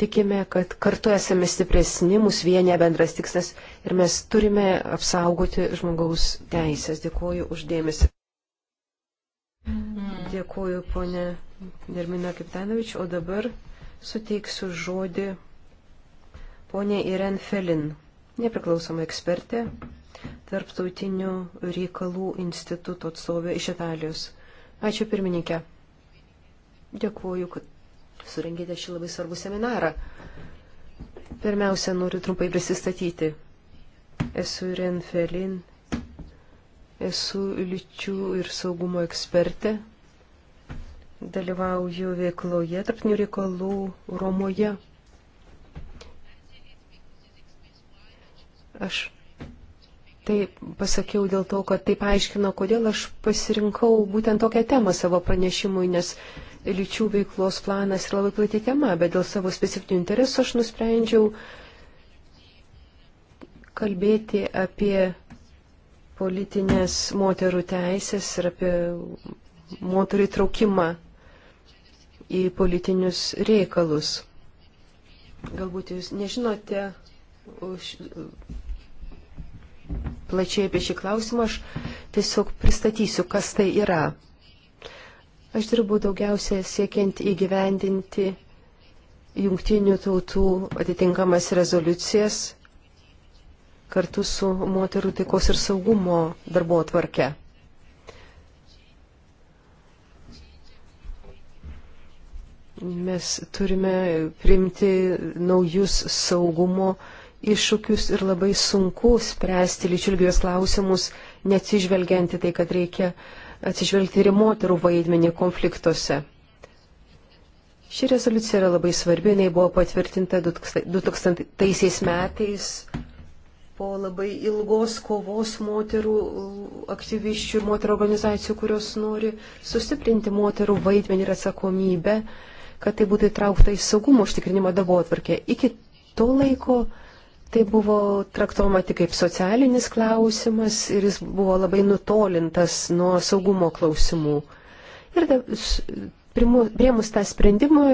Tikime, kad kartu esame stipresni, mūsų vienė bendras tikslas ir mes turime apsaugoti žmogaus teisės. Dėkuoju uždėmesi. Dėkuoju, ponė Dermina Kiptanovič. O dabar suteiksiu žodį ponė Iren Felin, nepriklausoma ekspertė, tarptautinių reikalų instituto atstovė iš Italijos. Ačiū pirmininkė. Dėkuoju, kad surengėte šį labai svarbų seminarą. Pirmiausia, noriu trumpai prisistatyti. Esu Ren Felin, esu lyčių ir saugumo ekspertė, dalyvauju veikloje tarpnių reikalų Romoje. Aš tai pasakiau dėl to, kad tai paaiškino, kodėl aš pasirinkau būtent tokią temą savo pranešimui, nes uh, lyčių veiklos planas yra labai plati tema, bet dėl savo specifinių interesų aš nusprendžiau kalbėti apie politinės moterų teisės ir apie moterų įtraukimą į politinius reikalus. Galbūt jūs nežinote už, plačiai apie šį klausimą, aš tiesiog pristatysiu, kas tai yra. Aš dirbu daugiausia siekiant įgyvendinti jungtinių tautų atitinkamas rezoliucijas kartu su moterų taikos ir saugumo darbo atvarke. Mes turime priimti naujus saugumo iššūkius ir labai sunku spręsti lyčių lygybės klausimus, neatsižvelgianti tai, kad reikia uh, atsižvelgti ir moterų vaidmenį konfliktuose. Ši rezoliucija yra labai svarbi, jinai buvo patvirtinta 2000 metais po labai ilgos kovos moterų aktyviščių ir moterų organizacijų, kurios nori sustiprinti moterų vaidmenį ir atsakomybę, kad tai būtų įtraukta į saugumo užtikrinimo darbo atvarkę. Iki to laiko Tai buvo traktuoma tik kaip socialinis klausimas ir jis buvo labai nutolintas nuo saugumo klausimų. Ir da, priemus tą sprendimą,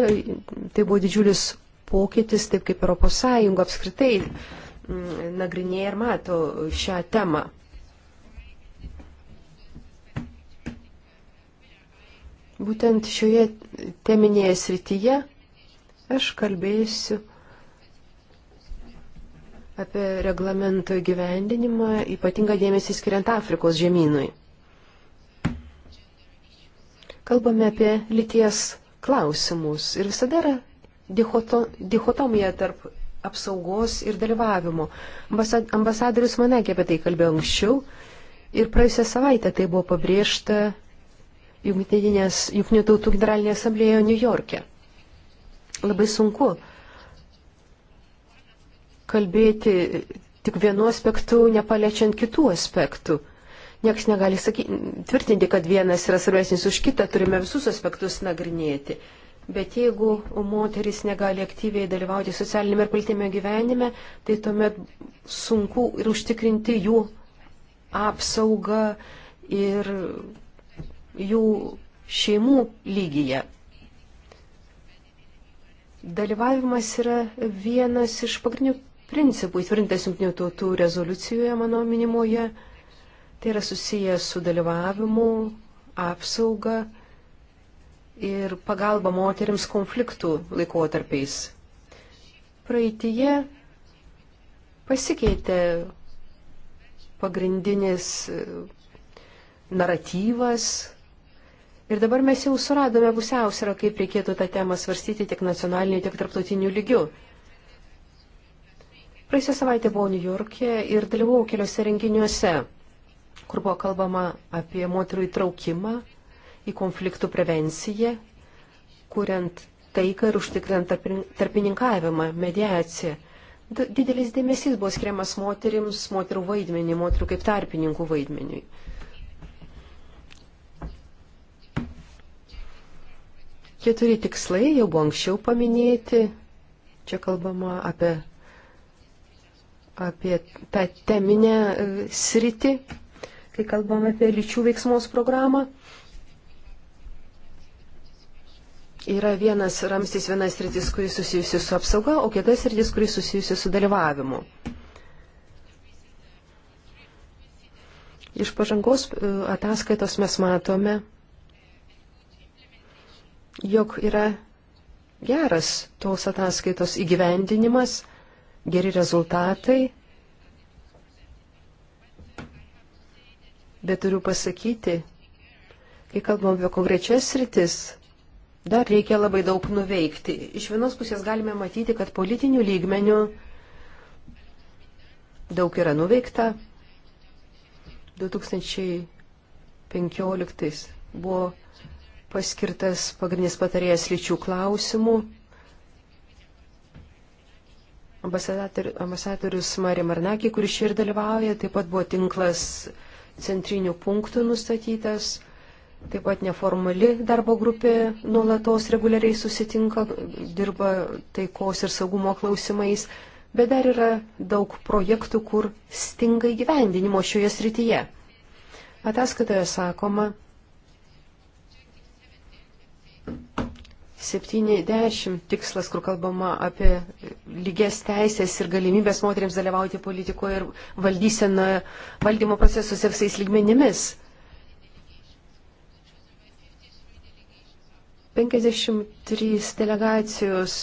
tai buvo didžiulis pokytis, taip kaip ES apskritai mm, nagrinėja ir mato šią temą. Būtent šioje teminėje srityje aš kalbėsiu apie reglamento įgyvendinimą, ypatingą dėmesį skiriant Afrikos žemynui. Kalbame apie lyties klausimus ir visada yra dichoto, dichotomija tarp apsaugos ir dalyvavimo. Ambasad, ambasadorius Manekė apie tai kalbėjo anksčiau ir praėjusią savaitę tai buvo pabrėžta Junktinių tautų generalinėje asamblėje New York'e. Labai sunku kalbėti tik vienu aspektu, nepaliečiant kitų aspektų. Niekas negali sakyti, tvirtinti, kad vienas yra svarbesnis už kitą, turime visus aspektus nagrinėti. Bet jeigu moteris negali aktyviai dalyvauti socialinėme ir politinėme gyvenime, tai tuomet sunku ir užtikrinti jų apsaugą ir jų šeimų lygyje. Dalyvavimas yra vienas iš pagrindinių principų įtvirtintas jungtinių tautų rezoliucijoje mano minimoje. Tai yra susijęs su dalyvavimu, apsauga ir pagalba moteriams konfliktų laikotarpiais. Praeitie pasikeitė pagrindinis e, naratyvas. Ir dabar mes jau suradome pusiausvyrą, kaip reikėtų tą temą svarstyti tiek nacionaliniu, tiek tarptautiniu lygiu. Praėjusią savaitę buvau New York'e ir dalyvau keliose renginiuose, kur buvo kalbama apie moterų įtraukimą į konfliktų prevenciją, kuriant taiką ir užtikrinant tarpininkavimą, mediaciją. Didelis dėmesys buvo skiriamas moterims, moterų vaidmenį, moterų kaip tarpininkų vaidmeniui. Keturi tikslai jau buvo anksčiau paminėti. Čia kalbama apie apie tą teminę e, sritį, kai kalbame apie lyčių veiksmos programą. Yra vienas ramstis, vienas rytis, kuris susijusi su apsauga, o kitas rytis, kuris susijusi su dalyvavimu. Iš pažangos e, ataskaitos mes matome, jog yra geras tos ataskaitos įgyvendinimas geri rezultatai, bet turiu pasakyti, kai kalbam apie konkrečias rytis, dar reikia labai daug nuveikti. Iš vienos pusės galime matyti, kad politinių lygmenių daug yra nuveikta. 2015 buvo paskirtas pagrindinis patarėjas lyčių klausimų ambasadorius Marija Marnakė, kuris čia ir dalyvauja, taip pat buvo tinklas centrinių punktų nustatytas, taip pat neformali darbo grupė nuolatos reguliariai susitinka, dirba taikos ir saugumo klausimais, bet dar yra daug projektų, kur stinga įgyvendinimo šioje srityje. Ataskaitoje sakoma, 70 tikslas, kur kalbama apie lygias teisės ir galimybės moteriams dalyvauti politikoje ir valdysena valdymo procesuose visais lygmenimis. 53 delegacijos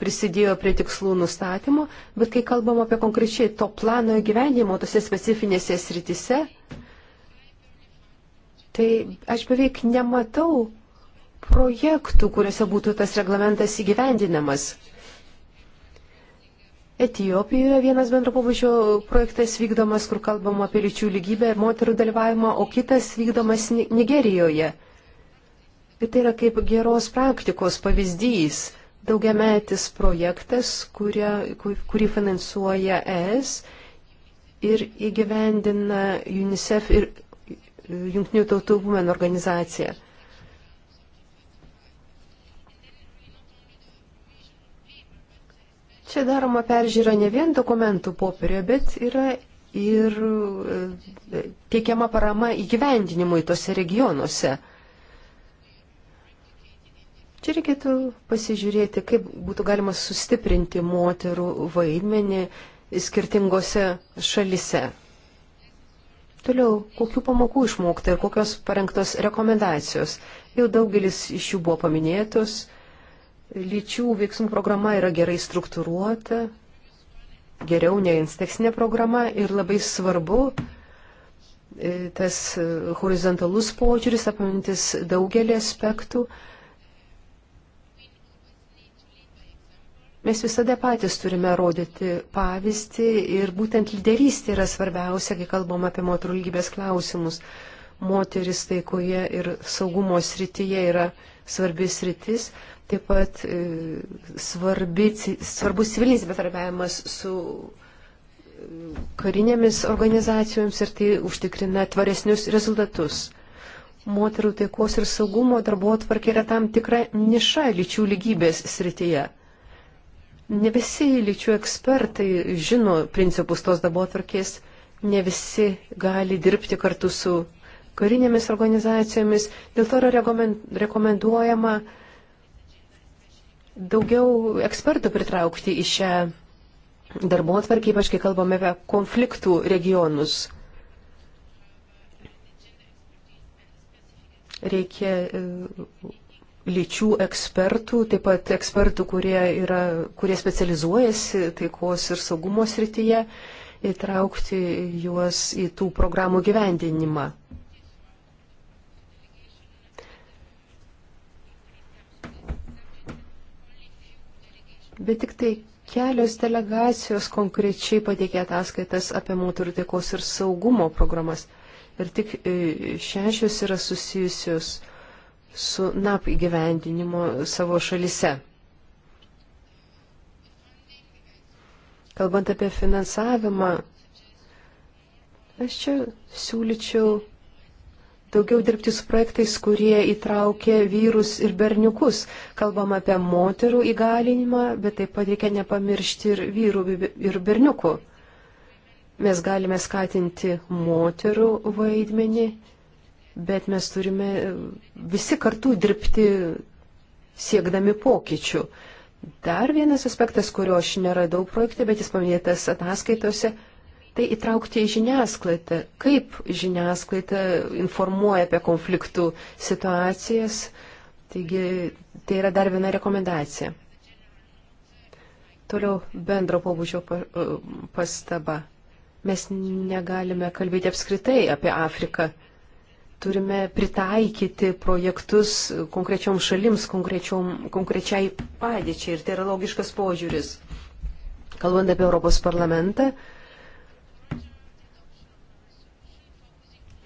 prisidėjo prie tikslų nustatymo, bet kai kalbam apie konkrečiai to plano įgyvenimo tose specifinėse sritise, tai aš beveik nematau projektų, kuriuose būtų tas reglamentas įgyvendinamas. Etijopijoje vienas bendro pobūdžio projektas vykdomas, kur kalbama apie lyčių lygybę ir moterų dalyvavimą, o kitas vykdomas Nigerijoje. Ir tai yra kaip geros praktikos pavyzdys daugiametis projektas, kuria, kurį finansuoja ES ir įgyvendina UNICEF ir Junktinių tautų Women organizacija. Čia daroma peržiūra ne vien dokumentų popierio, bet yra ir e, teikiama parama įgyvendinimui tose regionuose. Čia reikėtų pasižiūrėti, kaip būtų galima sustiprinti moterų vaidmenį skirtingose šalise. Toliau, kokių pamokų išmokta ir kokios parengtos rekomendacijos. Jau daugelis iš jų buvo paminėtos lyčių veiksmų programa yra gerai struktūruota, geriau nei instekstinė programa ir labai svarbu e, tas horizontalus požiūris apimantis daugelį aspektų. Mes visada patys turime rodyti pavyzdį ir būtent lyderystė yra svarbiausia, kai kalbam apie moterų lygybės klausimus. Moteris taikoje ir saugumo srityje yra svarbis sritis, Taip pat e, svarbi, svarbus civilinis bendradarbiavimas su e, karinėmis organizacijomis ir tai užtikrina tvaresnius rezultatus. Moterų taikos ir saugumo darbo atvarkė yra tam tikra niša lyčių lygybės srityje. Ne visi lyčių ekspertai žino principus tos darbo atvarkės, ne visi gali dirbti kartu su karinėmis organizacijomis, dėl to yra rekomenduojama daugiau ekspertų pritraukti į šią darbo atvarkį, ypač kai kalbame apie konfliktų regionus. Reikia e, lyčių ekspertų, taip pat ekspertų, kurie, yra, kurie specializuojasi taikos ir saugumo srityje, įtraukti juos į tų programų gyvendinimą. bet tik tai kelios delegacijos konkrečiai pateikė ataskaitas apie moterų taikos ir saugumo programas. Ir tik e, šešios yra susijusios su NAP įgyvendinimo savo šalise. Kalbant apie finansavimą, aš čia siūlyčiau daugiau dirbti su projektais, kurie įtraukia vyrus ir berniukus. Kalbam apie moterų įgalinimą, bet taip pat reikia nepamiršti ir vyrų ir berniukų. Mes galime skatinti moterų vaidmenį, bet mes turime visi kartu dirbti siekdami pokyčių. Dar vienas aspektas, kurio aš neradau projekte, bet jis paminėtas ataskaitose tai įtraukti į žiniasklaidą. Kaip žiniasklaida informuoja apie konfliktų situacijas. Taigi tai yra dar viena rekomendacija. Toliau bendro pobūdžio e, pastaba. Mes negalime kalbėti apskritai apie Afriką. Turime pritaikyti projektus konkrečioms šalims, konkrečiom, konkrečiai padėčiai ir tai yra logiškas požiūris. Kalbant apie Europos parlamentą, uh,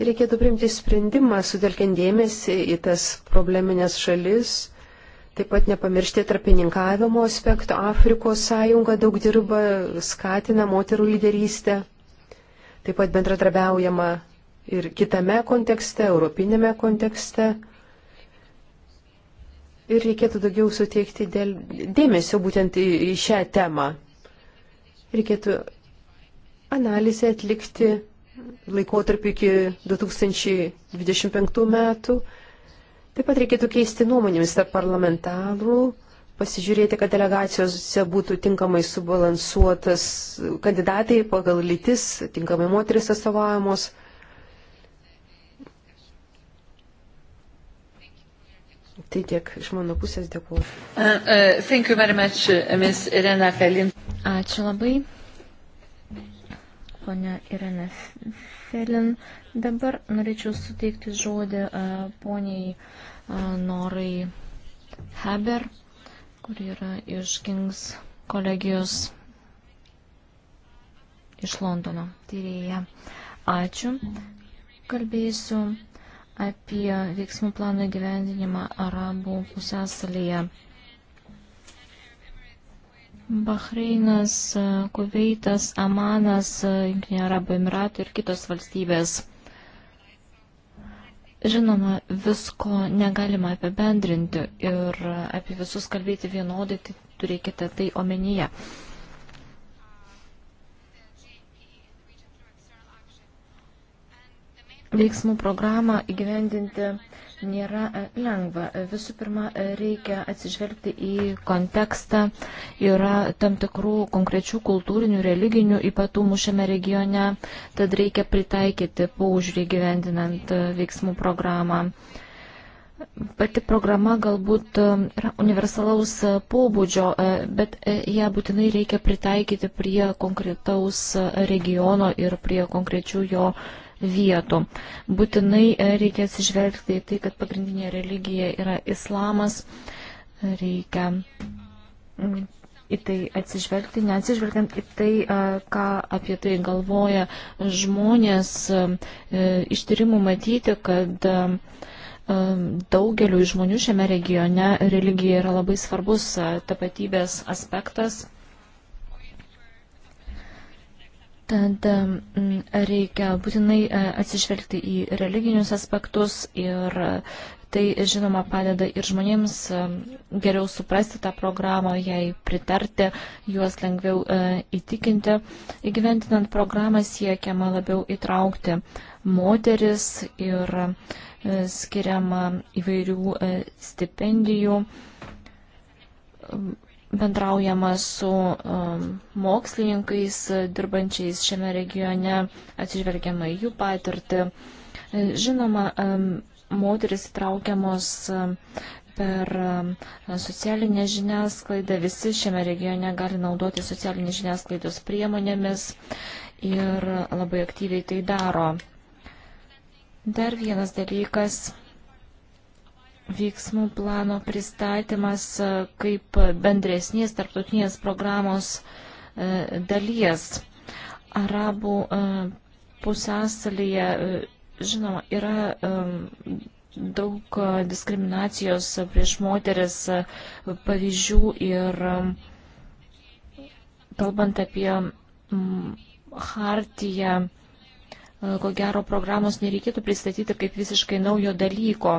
Reikėtų priimti sprendimą, sutelkiant dėmesį į tas probleminės šalis, taip pat nepamiršti tarpininkavimo aspekto. Afrikos sąjunga daug dirba, skatina moterų lyderystę, taip pat bendradarbiaujama ir kitame kontekste, europinėme kontekste. Ir reikėtų daugiau suteikti dėl, dėmesio būtent į, į šią temą. Reikėtų analizę atlikti laikotarpį iki 2025 metų. Taip pat reikėtų keisti nuomonėmis tarp parlamentarų, pasižiūrėti, kad delegacijose būtų tinkamai subalansuotas kandidatai pagal lytis, tinkamai moteris atstovaujamos. Tai tiek iš mano pusės dėkuoju. Uh, uh, much, uh, Ačiū labai ponia Irene Felin. Dabar norėčiau suteikti žodį poniai Norai Haber, kuri yra iš Kings kolegijos iš Londono tyrėja. Ačiū. Kalbėsiu apie veiksmų plano gyvendinimą Arabų pusėsalyje. Bahreinas, e, Kuveitas, Amanas, e, Junktinė Arabų Emiratų ir kitos valstybės. Žinoma, visko negalima apibendrinti ir apie visus kalbėti vienodai, tai turėkite tai omenyje. Veiksmų programą įgyvendinti nėra e, lengva. Visų pirma, e, reikia atsižvelgti į kontekstą. Yra tam tikrų konkrečių kultūrinių, religinių ypatumų šiame regione, tad reikia pritaikyti paužiūrį gyvendinant e, veiksmų programą. Pati programa galbūt yra universalaus pobūdžio, bet ją būtinai reikia pritaikyti prie konkretaus regiono ir prie konkrečių jo vietų. Būtinai e, reikės išvelgti į tai, kad pagrindinė religija yra islamas. Reikia mm, į tai atsižvelgti, neatsižvelgiant į tai, e, ką apie tai galvoja žmonės. E, Iš tyrimų matyti, kad daugeliu žmonių šiame regione religija yra labai svarbus tapatybės aspektas Tad mm, reikia būtinai e, atsižvelgti į religinius aspektus ir e, tai, žinoma, padeda ir žmonėms e, geriau suprasti tą programą, jai pritarti, juos lengviau įtikinti. Įgyventinant programą siekiama labiau įtraukti moteris ir skiriama įvairių stipendijų bendraujama su um, mokslininkais dirbančiais šiame regione, atsižvelgiama į jų patirtį. Žinoma, um, moteris įtraukiamos um, per socialinę žiniasklaidą, visi šiame regione gali naudoti socialinės žiniasklaidos priemonėmis ir labai aktyviai tai daro. Dar vienas dalykas veiksmų plano pristatymas e, kaip bendresnės tarptautinės programos e, dalies. Arabų e, pusęsalyje, žinoma, yra daug diskriminacijos prieš moteris pavyzdžių ir kalbant apie hartiją, ko gero programos nereikėtų pristatyti kaip visiškai naujo dalyko.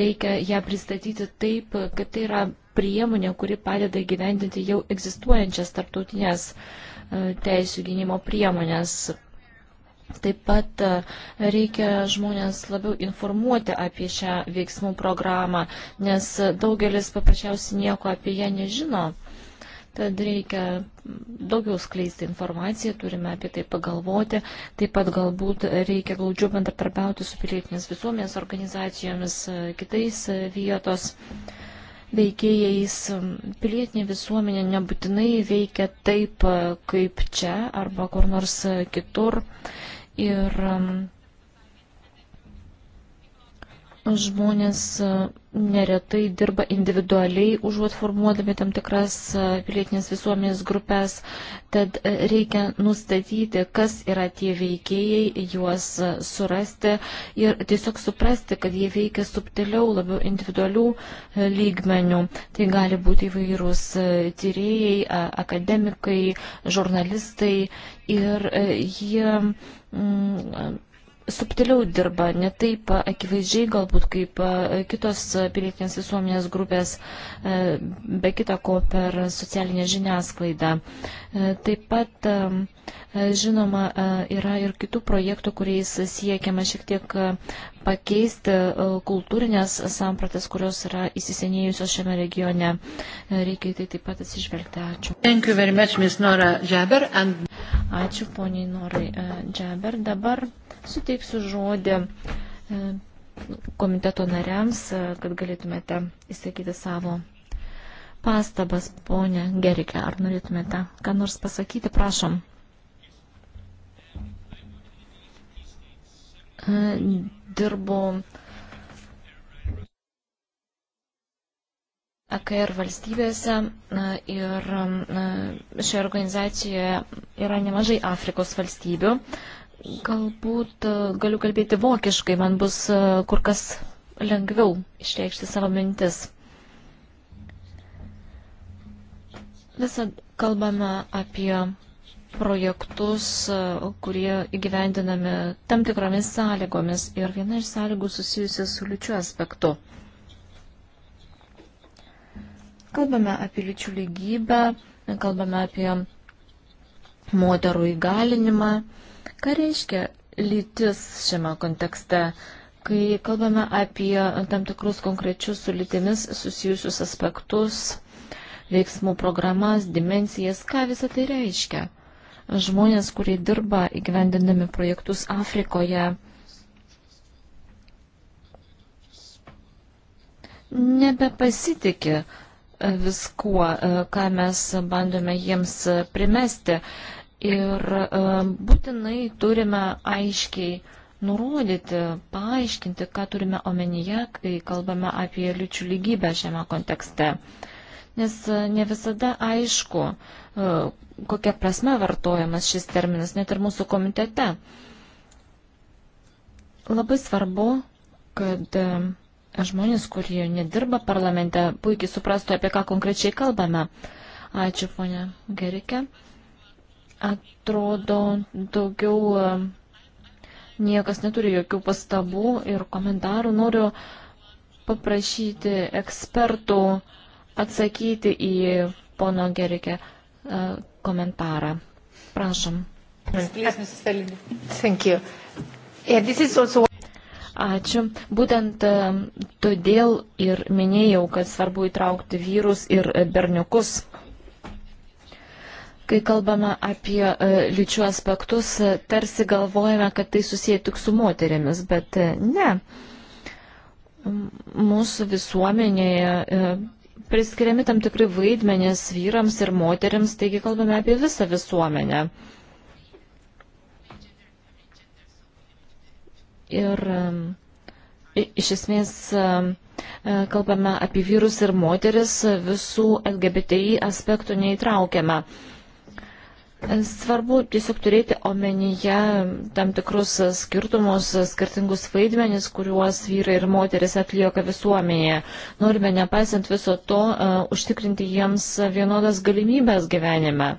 Reikia ją pristatyti taip, kad tai yra priemonė, kuri padeda gyvendinti jau egzistuojančias tarptautinės e, teisų gynimo priemonės. Taip pat e, reikia žmonės labiau informuoti apie šią veiksmų programą, nes daugelis paprasčiausiai nieko apie ją nežino. Tad reikia daugiau skleisti informaciją, turime apie tai pagalvoti. Taip pat galbūt reikia glaudžiau bendratarpiauti su pilietinės visuomenės organizacijomis, kitais vietos veikėjais. Pilietinė visuomenė nebūtinai veikia taip, kaip čia arba kur nors kitur. Ir um, žmonės e, neretai dirba individualiai, užuot formuodami tam tikras e, pilietinės visuomenės grupės, tad e, reikia nustatyti, kas yra tie veikėjai, juos surasti ir tiesiog suprasti, kad jie veikia subtiliau, labiau individualių lygmenių. Tai gali būti įvairūs tyrėjai, akademikai, žurnalistai ir jie mm, subtiliau dirba, ne taip akivaizdžiai galbūt kaip e, kitos pilietinės visuomenės grupės, e, be kita ko per socialinę žiniasklaidą. E, taip pat, žinoma, yra ir kitų projektų, kuriais siekiama šiek tiek pakeisti kultūrinės sampratas, kurios yra įsisenėjusios šiame regione. Reikia į tai taip pat atsižvelgti. Ačiū. Thank you very much, Ms. Nora Jaber. And... Ačiū poniai Norai e, Džeber. Dabar suteiksiu žodį e, komiteto nariams, e, kad galėtumėte įsakyti savo pastabas, ponė Gerike. Ar norėtumėte ką nors pasakyti, prašom. Dirbu AKR valstybėse ir šioje organizacijoje yra nemažai Afrikos valstybių. Galbūt e, galiu kalbėti vokiškai, man bus e, kur kas lengviau išreikšti savo mintis. Visą kalbame apie projektus, e, kurie įgyvendinami tam tikromis sąlygomis ir viena iš sąlygų susijusi su liučiu aspektu. Kalbame apie lyčių lygybę, kalbame apie moterų įgalinimą. Ką reiškia lytis šiame kontekste? Kai kalbame apie tam tikrus konkrečius su lytimis susijusius aspektus, veiksmų programas, dimensijas, ką visą tai reiškia? Žmonės, kurie dirba įgyvendinami projektus Afrikoje, nebepasitikė viskuo, e, ką mes bandome jiems primesti. Ir e, būtinai turime aiškiai nurodyti, paaiškinti, ką turime omenyje, kai kalbame apie lyčių lygybę šiame kontekste. Nes e, ne visada aišku, kokia prasme vartojamas šis terminas, net ir mūsų komitete. Labai svarbu, kad žmonės, kurie nedirba parlamente, puikiai suprastų, apie ką konkrečiai kalbame. Ačiū, ponia Gerike. Atrodo, daugiau e, niekas neturi jokių pastabų ir komentarų. Noriu paprašyti ekspertų atsakyti į pono Gerike e, komentarą. Prašom. Please, Mrs. Thank you. Yeah, this is also Ačiū. Būtent e, todėl ir minėjau, kad svarbu įtraukti vyrus ir e, berniukus. Kai kalbame apie e, lyčių aspektus, tarsi galvojame, kad tai susiję tik su moterimis, bet ne. Mūsų visuomenėje priskiriami tam tikri vaidmenės vyrams ir moteriams, taigi kalbame apie visą visuomenę. Ir iš esmės e, kalbame apie vyrus ir moteris, visų LGBTI aspektų neįtraukiame. Svarbu tiesiog turėti omenyje tam tikrus skirtumus, skirtingus vaidmenis, kuriuos vyrai ir moteris atlieka visuomenėje. Norime, nepaisant viso to, e, užtikrinti jiems vienodas galimybės gyvenime.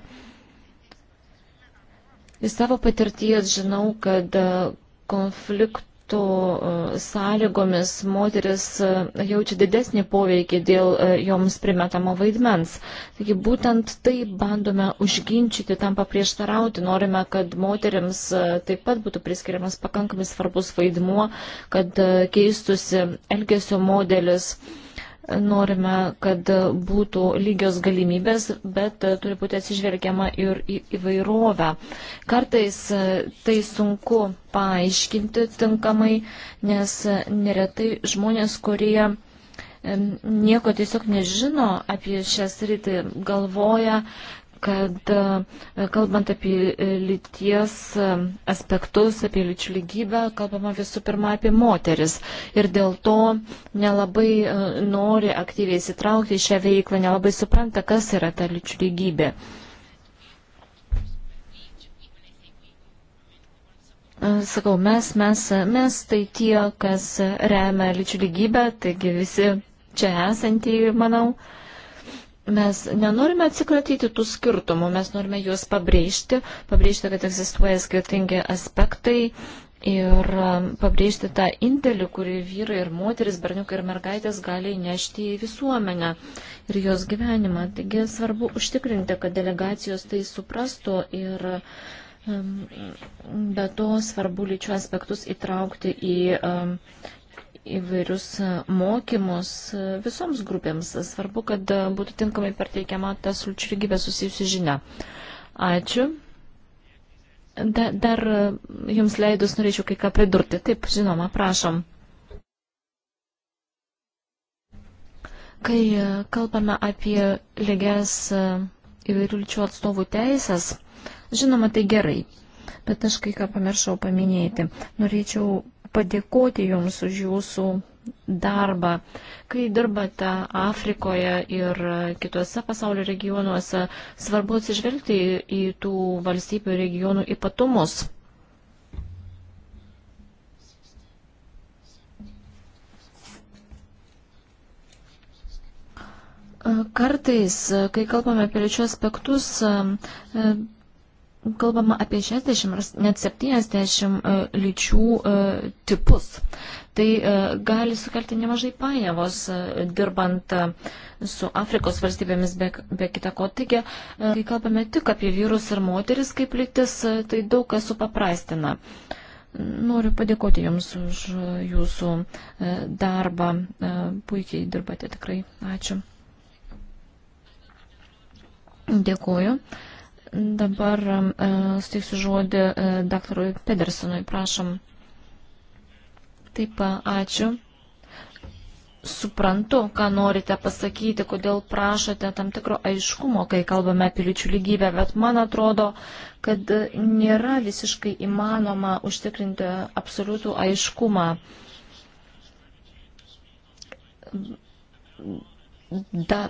Iš savo patirties žinau, kad konfliktų e, sąlygomis moteris e, jaučia didesnį poveikį dėl e, joms primetamo vaidmens. Taigi būtent tai bandome užginčyti, tam paprieštarauti. Norime, kad moteriams taip pat būtų priskiriamas pakankamai svarbus vaidmuo, kad keistusi elgesio modelis Norime, kad būtų lygios galimybės, bet turi būti atsižvelgiama ir į įvairovę. Kartais e, tai sunku paaiškinti tinkamai, nes neretai žmonės, kurie nieko tiesiog nežino apie šią sritį, galvoja, kad e, kalbant apie lyties e, aspektus, apie lyčių lygybę, kalbama visų pirma apie moteris. Ir dėl to nelabai e, nori aktyviai įsitraukti į šią veiklą, nelabai supranta, kas yra ta lyčių lygybė. Sakau, mes, mes, mes tai tie, kas remia lyčių lygybę, taigi visi čia esantieji, manau. Uh, Mes nenorime atsikratyti tų skirtumų, mes norime juos pabrėžti, pabrėžti, kad egzistuoja skirtingi aspektai ir um, pabrėžti tą indėlį, kurį vyrai ir moteris, berniukai ir mergaitės gali įnešti į visuomenę ir jos gyvenimą. Taigi svarbu užtikrinti, kad delegacijos tai suprastų ir um, be to svarbu lyčių aspektus įtraukti į um, įvairius e, mokymus e, visoms grupėms. Svarbu, kad e, būtų tinkamai perteikiama ta sulčių lygybė susijusi žinia. Ačiū. Da, dar jums leidus norėčiau kai ką pridurti. Taip, žinoma, prašom. Kai kalbame apie lygias įvairių lyčių atstovų teisės, žinoma, tai gerai. Bet aš kai ką pamiršau paminėti. Norėčiau padėkoti Jums už Jūsų darbą. Kai dirbate Afrikoje ir kitose pasaulio regionuose, svarbu atsižvelgti į tų valstybių regionų ypatumus. Kartais, kai kalbame apie lyčių aspektus, kalbama apie 60 ar net 70 e, lyčių e, tipus. Tai e, gali sukelti nemažai painiavos dirbant su Afrikos valstybėmis be, be kita ko. Taigi, kai kalbame tik apie vyrus ir moteris kaip lytis, tai daug kas supaprastina. Noriu padėkoti Jums už Jūsų darbą. Puikiai dirbate tikrai. Ačiū. Dėkuoju. Dabar e, suteiksiu žodį e, daktarui Pedersenui, prašom. Taip, e, ačiū. Suprantu, ką norite pasakyti, kodėl prašote tam tikro aiškumo, kai kalbame apie lyčių lygybę, bet man atrodo, kad nėra visiškai įmanoma užtikrinti absoliutų aiškumą da,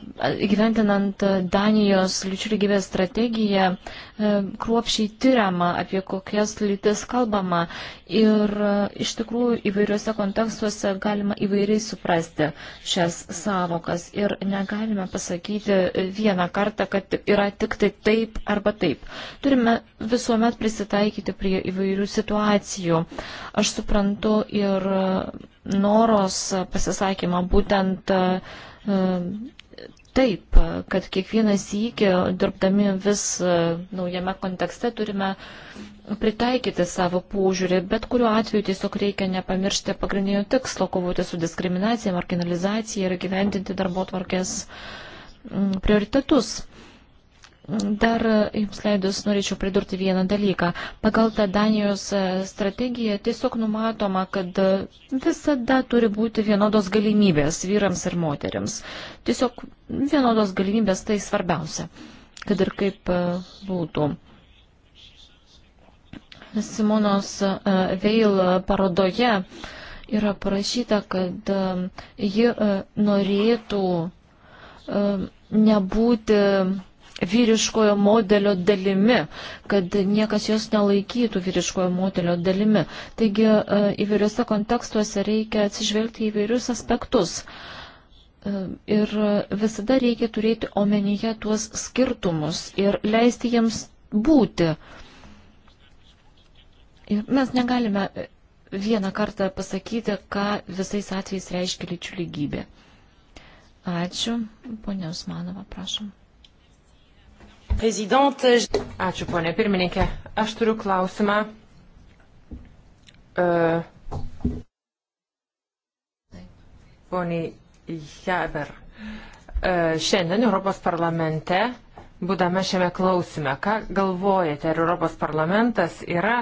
gyventinant Danijos lyčių lygybės strategiją, e, kruopšiai tyriama, apie kokias lytis kalbama ir e, iš tikrųjų įvairiuose kontekstuose galima įvairiai suprasti šias savokas ir negalime pasakyti vieną kartą, kad yra tik tai taip arba taip. Turime visuomet prisitaikyti prie įvairių situacijų. Aš suprantu ir noros pasisakymą būtent e, Taip, kad kiekvienas įkį, dirbdami vis e, naujame kontekste, turime pritaikyti savo požiūrį, bet kuriuo atveju tiesiog reikia nepamiršti pagrindinio tikslo - kovoti su diskriminacija, marginalizacija ir gyventinti darbo tvarkės prioritetus. Dar e, jums leidus norėčiau pridurti vieną dalyką. Pagal tą Danijos e, strategiją tiesiog numatoma, kad e, visada turi būti vienodos galimybės vyrams ir moteriams. Tiesiog vienodos galimybės tai svarbiausia, kad ir kaip būtų. Simonos Veil parodoje yra parašyta, kad ji norėtų nebūti vyriškojo modelio dalimi, kad niekas jos nelaikytų vyriškojo modelio dalimi. Taigi e, įvairiuose kontekstuose reikia atsižvelgti į vairius aspektus. E, ir visada reikia turėti omenyje tuos skirtumus ir leisti jiems būti. Ir mes negalime vieną kartą pasakyti, ką visais atvejais reiškia lyčių lygybė. Ačiū. Pone Usmanova, prašom. Ačiū, ponė pirmininkė. Aš turiu klausimą. Uh, poniai Jaber. Uh, šiandien Europos parlamente, būdama šiame klausime, ką galvojate, ar Europos parlamentas yra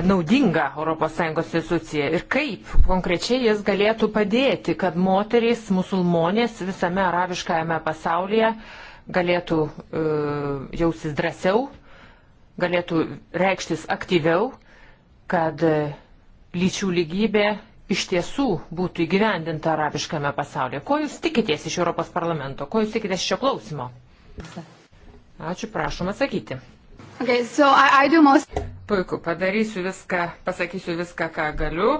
naudinga ES institucija ir kaip konkrečiai jis galėtų padėti, kad moterys, musulmonės visame arabiškajame pasaulyje uh, galėtų e, jausis drąsiau, galėtų reikštis aktyviau, kad e, lyčių lygybė iš tiesų būtų įgyvendinta arabiškame pasaulyje. Ko jūs tikitės iš Europos parlamento? Ko jūs tikitės šio klausimo? Ačiū, prašom atsakyti. Okay, so I, I most... Puiku, padarysiu viską, pasakysiu viską, ką galiu.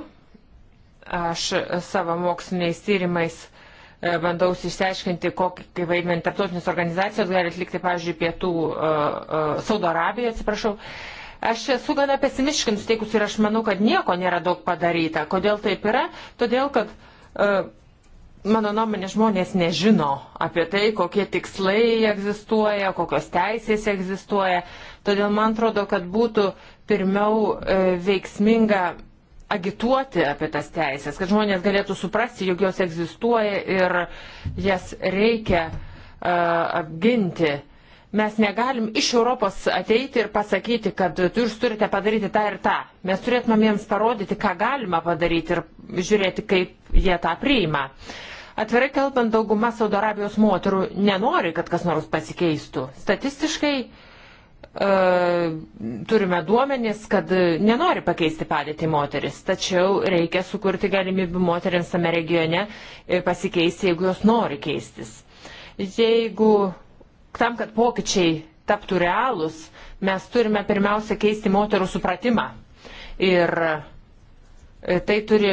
Aš savo moksliniais tyrimais E, bandau išsiaiškinti, kokį vaidmenį tarptautinės organizacijos gali atlikti, pavyzdžiui, pietų e, e, Saudo Arabiją, atsiprašau. Aš esu gana pesimiškai nusteikus ir aš manau, kad nieko nėra daug padaryta. Kodėl taip yra? Todėl, kad mano nuomonė žmonės nežino apie tai, kokie tikslai egzistuoja, kokios teisės egzistuoja. Todėl man atrodo, kad būtų pirmiau veiksminga agituoti apie tas teisės, kad žmonės galėtų suprasti, jog jos egzistuoja ir jas reikia uh, apginti. Mes negalim iš Europos ateiti ir pasakyti, kad jūs turite padaryti tą ir tą. Mes turėtumėm jiems parodyti, ką galima padaryti ir žiūrėti, kaip jie tą priima. Atvirai kalbant, dauguma Saudo Arabijos moterų nenori, kad kas nors pasikeistų. Statistiškai uh, E, turime duomenis, kad nenori pakeisti padėtį moteris, tačiau reikia sukurti galimybių moteriams tame regione e, pasikeisti, jeigu jos nori keistis. Jeigu tam, kad pokyčiai taptų realūs, mes turime pirmiausia keisti moterų supratimą. Ir E, tai turi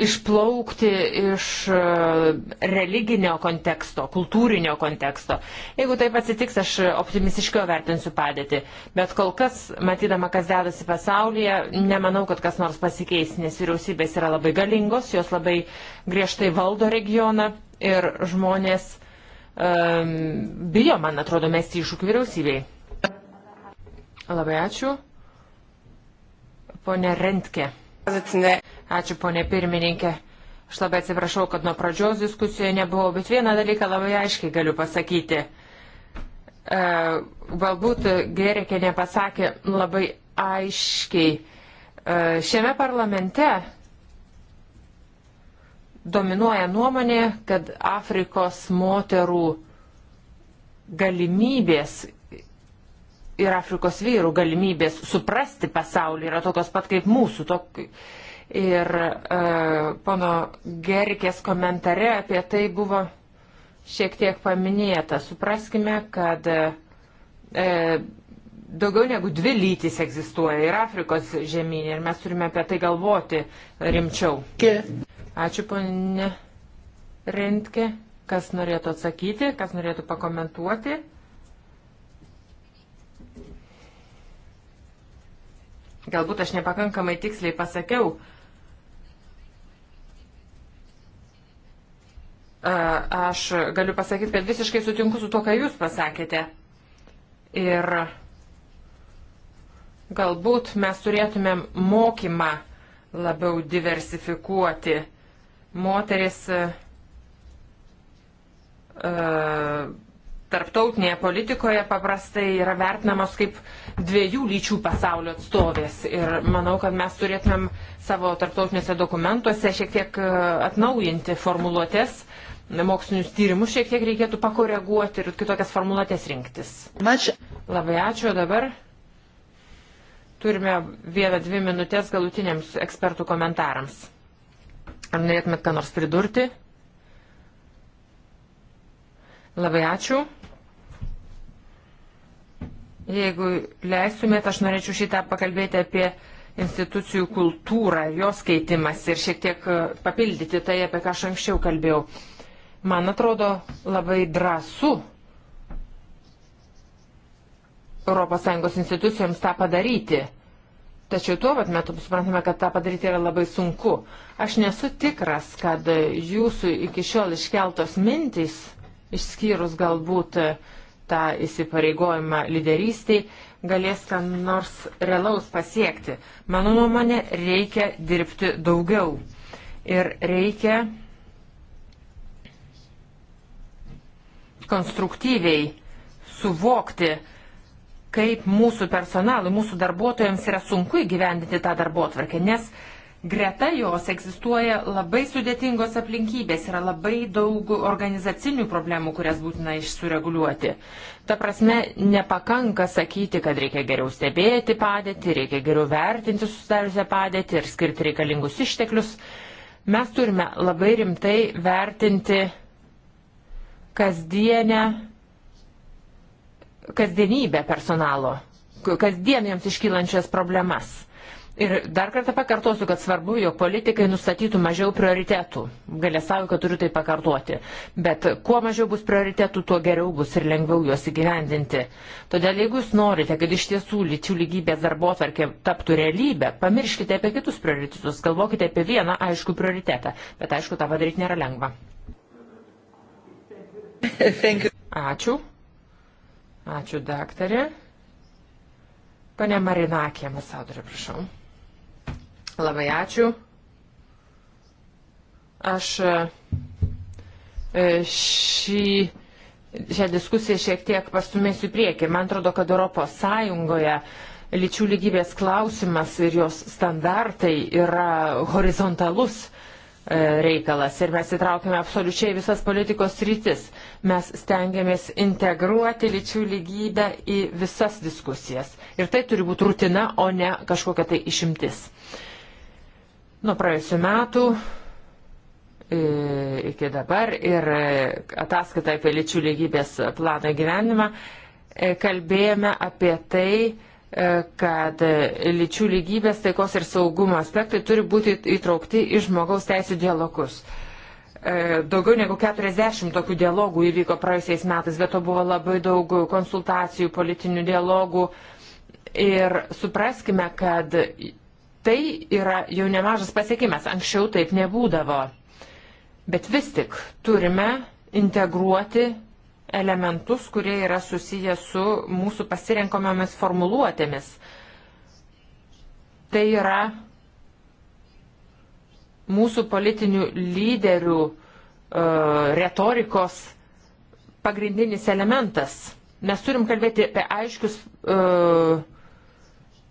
išplaukti iš e, religinio konteksto, kultūrinio konteksto. Jeigu taip atsitiks, aš optimistiškiau vertinsiu padėtį. Bet kol kas, matydama, kas dedasi pasaulyje, nemanau, kad kas nors pasikeis, nes vyriausybės yra labai galingos, jos labai griežtai valdo regioną ir žmonės um, bijo, man atrodo, mesti iššūkį vyriausybei. Labai ačiū. Pone Rentke. Ačiū, ponė pirmininkė. Aš labai atsiprašau, kad nuo pradžios diskusijoje nebuvau, bet vieną dalyką labai aiškiai galiu pasakyti. E, galbūt Gerikė nepasakė labai aiškiai. E, šiame parlamente dominuoja nuomonė, kad Afrikos moterų galimybės ir Afrikos vyrų galimybės suprasti pasaulį yra tokios pat kaip mūsų. Tok... Ir e, pono Gerikės komentare apie tai buvo šiek tiek paminėta. Supraskime, kad e, e daugiau negu dvi lytis egzistuoja ir Afrikos žemynė ir mes turime apie tai galvoti rimčiau. Ačiū, ponė Rentke. Kas norėtų atsakyti, kas norėtų pakomentuoti? Galbūt aš nepakankamai tiksliai pasakiau. Aš galiu pasakyti, kad visiškai sutinku su to, ką jūs pasakėte. Ir galbūt mes turėtumėm mokymą labiau diversifikuoti. Moteris uh, tarptautinėje politikoje paprastai yra vertinamos kaip dviejų lyčių pasaulio atstovės. Ir manau, kad mes turėtumėm savo tarptautiniuose dokumentuose šiek tiek e, atnaujinti formuluotės. Mokslinius tyrimus šiek tiek reikėtų pakoreguoti ir kitokias formuluotės rinktis. Mačiu. Labai ačiū dabar. Turime vieną, dvi minutės galutiniams ekspertų komentarams. Ar norėtumėt ką nors pridurti? Labai ačiū. Jeigu leistumėt, aš norėčiau šitą pakalbėti apie institucijų kultūrą, jos keitimas ir šiek tiek e, papildyti tai, apie ką aš anksčiau kalbėjau. Man atrodo labai drąsu ES institucijoms tą padaryti. Tačiau tuo pat metu suprantame, kad tą padaryti yra labai sunku. Aš nesu tikras, kad jūsų iki šiol iškeltos mintys išskyrus galbūt e, tą įsipareigojimą lyderystiai, galės ką nors realaus pasiekti. Mano nuomonė, reikia dirbti daugiau. Ir reikia konstruktyviai suvokti, kaip mūsų personalui, mūsų darbuotojams yra sunku įgyvendinti tą darbo atvarkę, nes uh, greta jos egzistuoja labai sudėtingos aplinkybės, yra labai daug organizacinių problemų, kurias būtina išsureguliuoti. Ta prasme, nepakanka sakyti, kad reikia geriau stebėti padėtį, reikia geriau vertinti susidariusią padėtį ir skirti reikalingus išteklius. Mes turime labai rimtai vertinti kasdienę, kasdienybę personalo, kasdien jiems iškylančias problemas Ir dar kartą pakartosiu, kad svarbu, jog politikai nustatytų mažiau prioritetų. Galėsau, kad turiu tai pakartoti. Bet kuo mažiau bus prioritetų, tuo geriau bus ir lengviau juos įgyvendinti. Todėl jeigu jūs norite, kad iš tiesų lyčių lygybės darbo atvarkė taptų realybę, pamirškite apie kitus prioritetus, galvokite apie vieną aišku prioritetą. Bet aišku, tą padaryti nėra lengva. Ačiū. Ačiū, daktarė. Pane Marinakė, ambasadorė, prašau. Labai ačiū. Aš e, šį, šią diskusiją šiek tiek pastumėsiu į priekį. Man atrodo, kad Europos Sąjungoje lyčių lygybės klausimas ir jos standartai yra horizontalus e, reikalas ir mes įtraukėme absoliučiai visas politikos rytis. Mes stengiamės integruoti lyčių lygybę į visas diskusijas. Ir tai turi būti rutina, o ne kažkokia tai išimtis. Uh, nuo praėjusių metų e, iki dabar ir e, ataskaitą apie lyčių lygybės planą gyvenimą e, kalbėjome apie tai, kad lyčių lygybės, taikos ir saugumo aspektai turi būti įtraukti į žmogaus teisų dialogus. Daugiau negu 40 tokių dialogų įvyko praėjusiais metais, bet to buvo labai daug konsultacijų, politinių dialogų. Ir supraskime, kad Tai yra jau nemažas pasiekimas, anksčiau taip nebūdavo. Bet vis tik turime integruoti elementus, kurie yra susiję su mūsų pasirenkomomis formuluotėmis. Tai yra mūsų politinių lyderių e, retorikos pagrindinis elementas. Mes turim kalbėti apie aiškius e,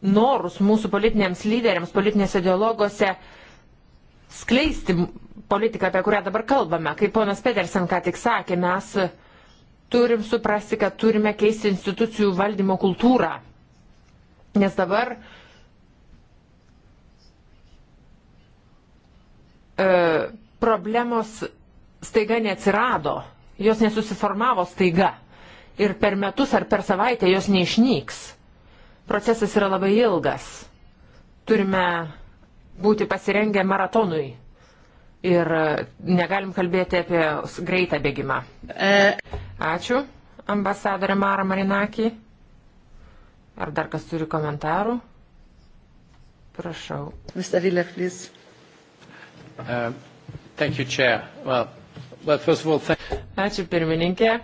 norus mūsų politiniams lyderiams, politinėse dialoguose skleisti politiką, apie kurią dabar kalbame. Kaip ponas Petersen ką tik sakė, mes turim suprasti, kad turime keisti institucijų valdymo kultūrą. Nes dabar e, problemos staiga neatsirado, jos nesusiformavo staiga. Ir per metus ar per savaitę jos neišnyks Procesas yra labai ilgas. Turime būti pasirengę maratonui. Ir e, negalim kalbėti apie greitą bėgimą. E. Ačiū, ambasadorė Mara Marinakį. Ar dar kas turi komentarų? Prašau. Mr. Villa, please. Uh, thank you, Chair. Well, well, first of all, thank... Ačiū pirmininkė.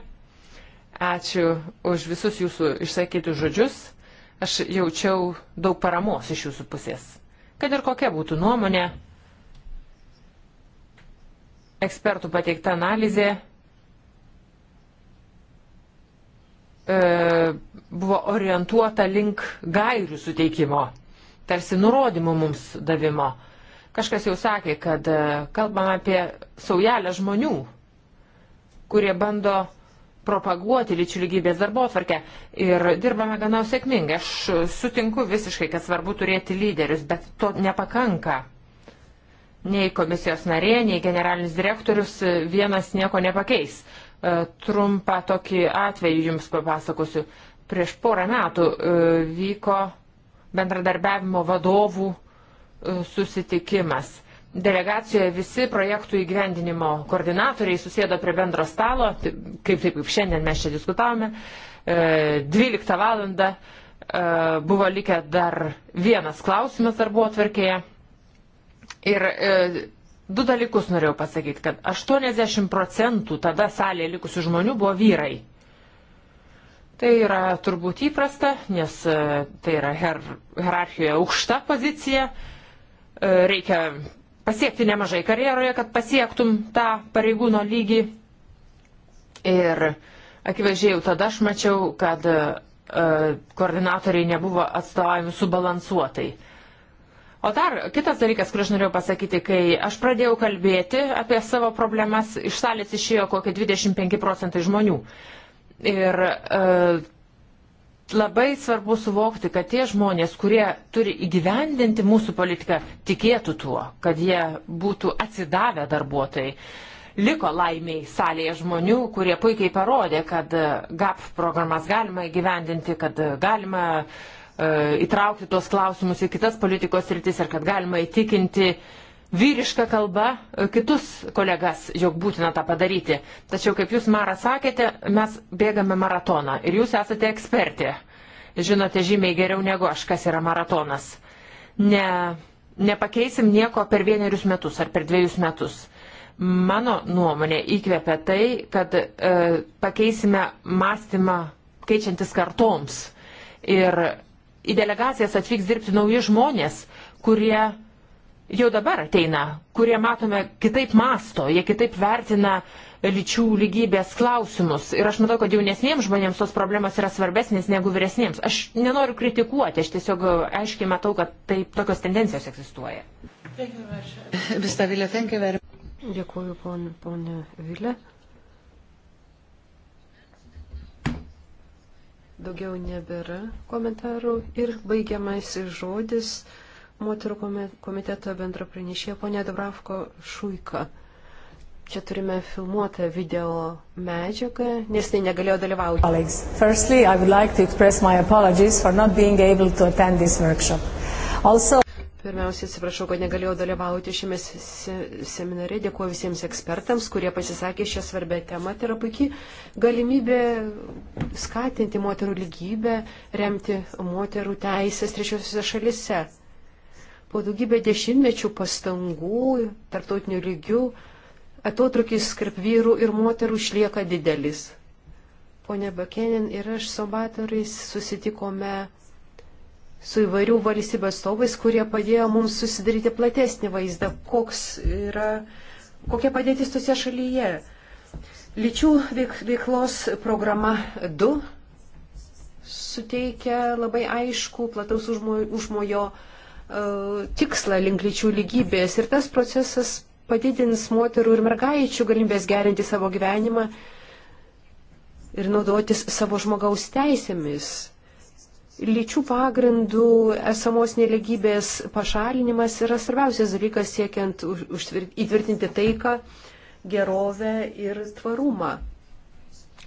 Ačiū už visus jūsų išsakytus žodžius. Aš jaučiau daug paramos iš jūsų pusės. Kad ir kokia būtų nuomonė, ekspertų pateikta analizė e, buvo orientuota link gairių suteikimo, tarsi nurodymų mums davimo. Kažkas jau sakė, kad e, kalbam apie saujelę žmonių, kurie bando propaguoti lyčių lygybės darbo atvarkę ir dirbame gana sėkmingai. Aš sutinku visiškai, kad svarbu turėti lyderius, bet to nepakanka. Nei komisijos narė, nei generalinis direktorius e, vienas nieko nepakeis. E, trumpą tokį atvejį jums papasakosiu. Prieš porą metų e, vyko bendradarbiavimo vadovų susitikimas Delegacijoje visi projektų įgyvendinimo koordinatoriai susėdo prie bendro stalo, tai kaip taip kaip šiandien mes čia diskutavome, 12 e, val. E, buvo likę dar vienas klausimas darbo atverkėje. Ir e, Du dalykus norėjau pasakyti, kad 80 procentų tada salėje likusių žmonių buvo vyrai. Tai yra turbūt įprasta, nes tai yra her, hierarchijoje aukšta pozicija. Reikia pasiekti nemažai karjeroje, kad pasiektum tą pareigūno lygį. Ir akivaizdžiai jau tada aš mačiau, kad e, koordinatoriai nebuvo atstovavimi subalansuotai. O dar kitas dalykas, kurį aš norėjau pasakyti, kai aš pradėjau kalbėti apie savo problemas, iš salės išėjo kokie 25 procentai žmonių. Ir e, labai svarbu suvokti, kad tie žmonės, kurie turi įgyvendinti mūsų politiką, tikėtų tuo, kad jie būtų atsidavę darbuotojai. Liko laimiai salėje žmonių, kurie puikiai parodė, kad e, GAP programas galima įgyvendinti, kad e, galima e, įtraukti tuos klausimus į kitas politikos rytis ir kad galima įtikinti uh, vyrišką kalbą e, kitus kolegas, jog būtina tą padaryti. Tačiau, kaip jūs, Mara, sakėte, mes bėgame maratoną ir jūs esate ekspertė. Žinote žymiai geriau negu aš, kas yra maratonas. Ne, nepakeisim nieko per vienerius metus ar per dviejus metus. Mano nuomonė įkvepia tai, kad e, pakeisime mąstymą keičiantis kartoms. Ir į delegacijas atvyks dirbti nauji žmonės, kurie jau dabar ateina, kurie matome kitaip masto, jie kitaip vertina lyčių lygybės klausimus. Ir aš matau, kad jaunesniems žmonėms tos problemos yra svarbesnės negu vyresniems. Aš nenoriu kritikuoti, aš tiesiog aiškiai matau, kad taip tokios tendencijos egzistuoja. Dėkuoju, ponė, ponė Vilė. Daugiau nebėra komentarų ir baigiamais žodis moterų komiteto bendra pranešėja ponė Dabravko Šuika. Čia turime filmuotą video medžiagą, nes tai negalėjo dalyvauti. Colleagues, firstly, I would like to express my apologies for not being able to attend this workshop. Also... Pirmiausia, atsiprašau, kad negalėjau dalyvauti šiame se seminare. Dėkuoju visiems ekspertams, kurie pasisakė šią svarbę temą. Tai yra puikiai galimybė skatinti moterų lygybę, remti moterų teisės trečiosiuose šalise. Po daugybę dešimtmečių pastangų tarptautinių lygių atotrukis tarp vyrų ir moterų išlieka didelis. Pone Bakenin ir aš su ambatoriais susitikome su įvairių valstybių atstovais, kurie padėjo mums susidaryti platesnį vaizdą, koks yra, kokia padėtis tose šalyje. Lyčių veiklos programa 2 suteikia labai aišku plataus užmojo E, tikslą link lyčių lygybės ir tas procesas padidins moterų ir mergaičių galimybės gerinti savo gyvenimą ir naudotis savo žmogaus teisėmis. Lyčių pagrindų esamos neligybės pašalinimas yra svarbiausias dalykas siekiant įtvirtinti taiką, gerovę ir tvarumą.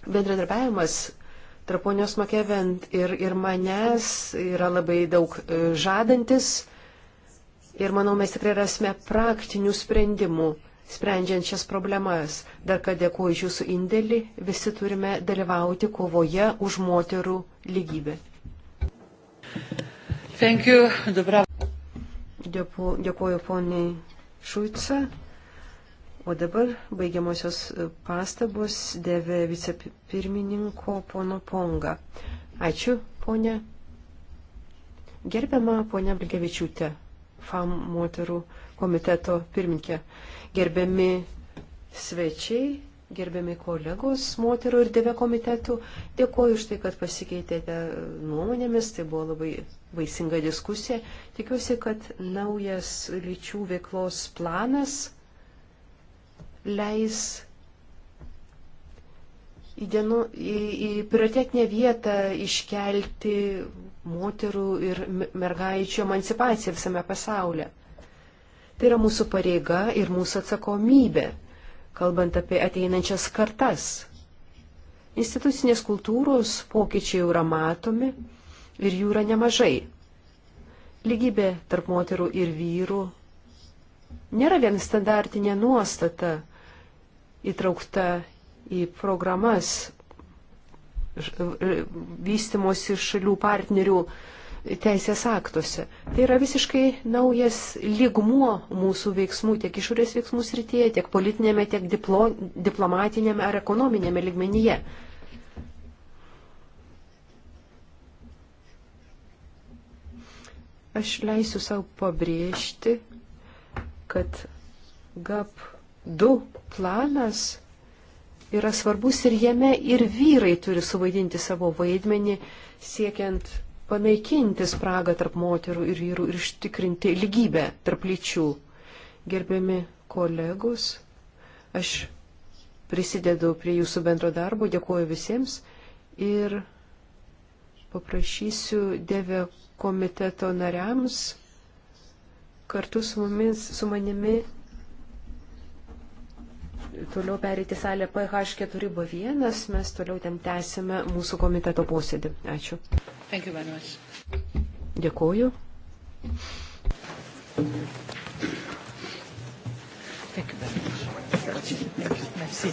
Bendradarbiavimas tarp ponios Makevent ir, ir manęs yra labai daug e, žadantis ir manau mes tikrai rasime praktinių sprendimų sprendžiant šias problemas. Dar kad dėkuoju iš jūsų indėlį, visi turime dalyvauti kovoje už moterų lygybę. Dėkuoju poniai Šuica. O dabar baigiamosios pastabos dėvė vicepirmininko pono Ponga. Ačiū, ponė. Gerbiama ponė Blinkevičiūtė, FAM moterų komiteto pirmininkė. Gerbiami svečiai, gerbiami kolegos moterų ir dėvė komitetų, dėkoju už tai, kad pasikeitėte nuomonėmis, tai buvo labai vaisinga diskusija. Tikiuosi, kad naujas lyčių veiklos planas leis į, dienu, į, į prioritetinę vietą iškelti moterų ir mergaičių emancipaciją visame pasaulyje. Tai yra mūsų pareiga ir mūsų atsakomybė, kalbant apie ateinančias kartas. Institucinės kultūros pokyčiai jau yra matomi ir jų yra nemažai. Lygybė tarp moterų ir vyrų nėra vien standartinė nuostata, įtraukta į programas vystimosi šalių partnerių teisės aktuose. Tai yra visiškai naujas lygmuo mūsų veiksmų tiek išorės veiksmų srityje, tiek politinėme, tiek diplo, diplomatinėme ar ekonominėme ligmenyje. Aš leisiu savo pabrėžti, kad GAP 2 planas yra svarbus ir jame ir vyrai turi suvaidinti savo vaidmenį, siekiant panaikinti spragą tarp moterų ir vyrų ir ištikrinti lygybę tarp lyčių. Gerbiami kolegos, aš prisidedu prie jūsų bendro darbo, dėkuoju visiems ir paprašysiu Dėvė komiteto nariams kartu su, mumis, su manimi toliau perėti salę PH4B1, mes toliau ten tęsime mūsų komiteto posėdį. Ačiū. Dėkuoju. Thank you very much. Merci.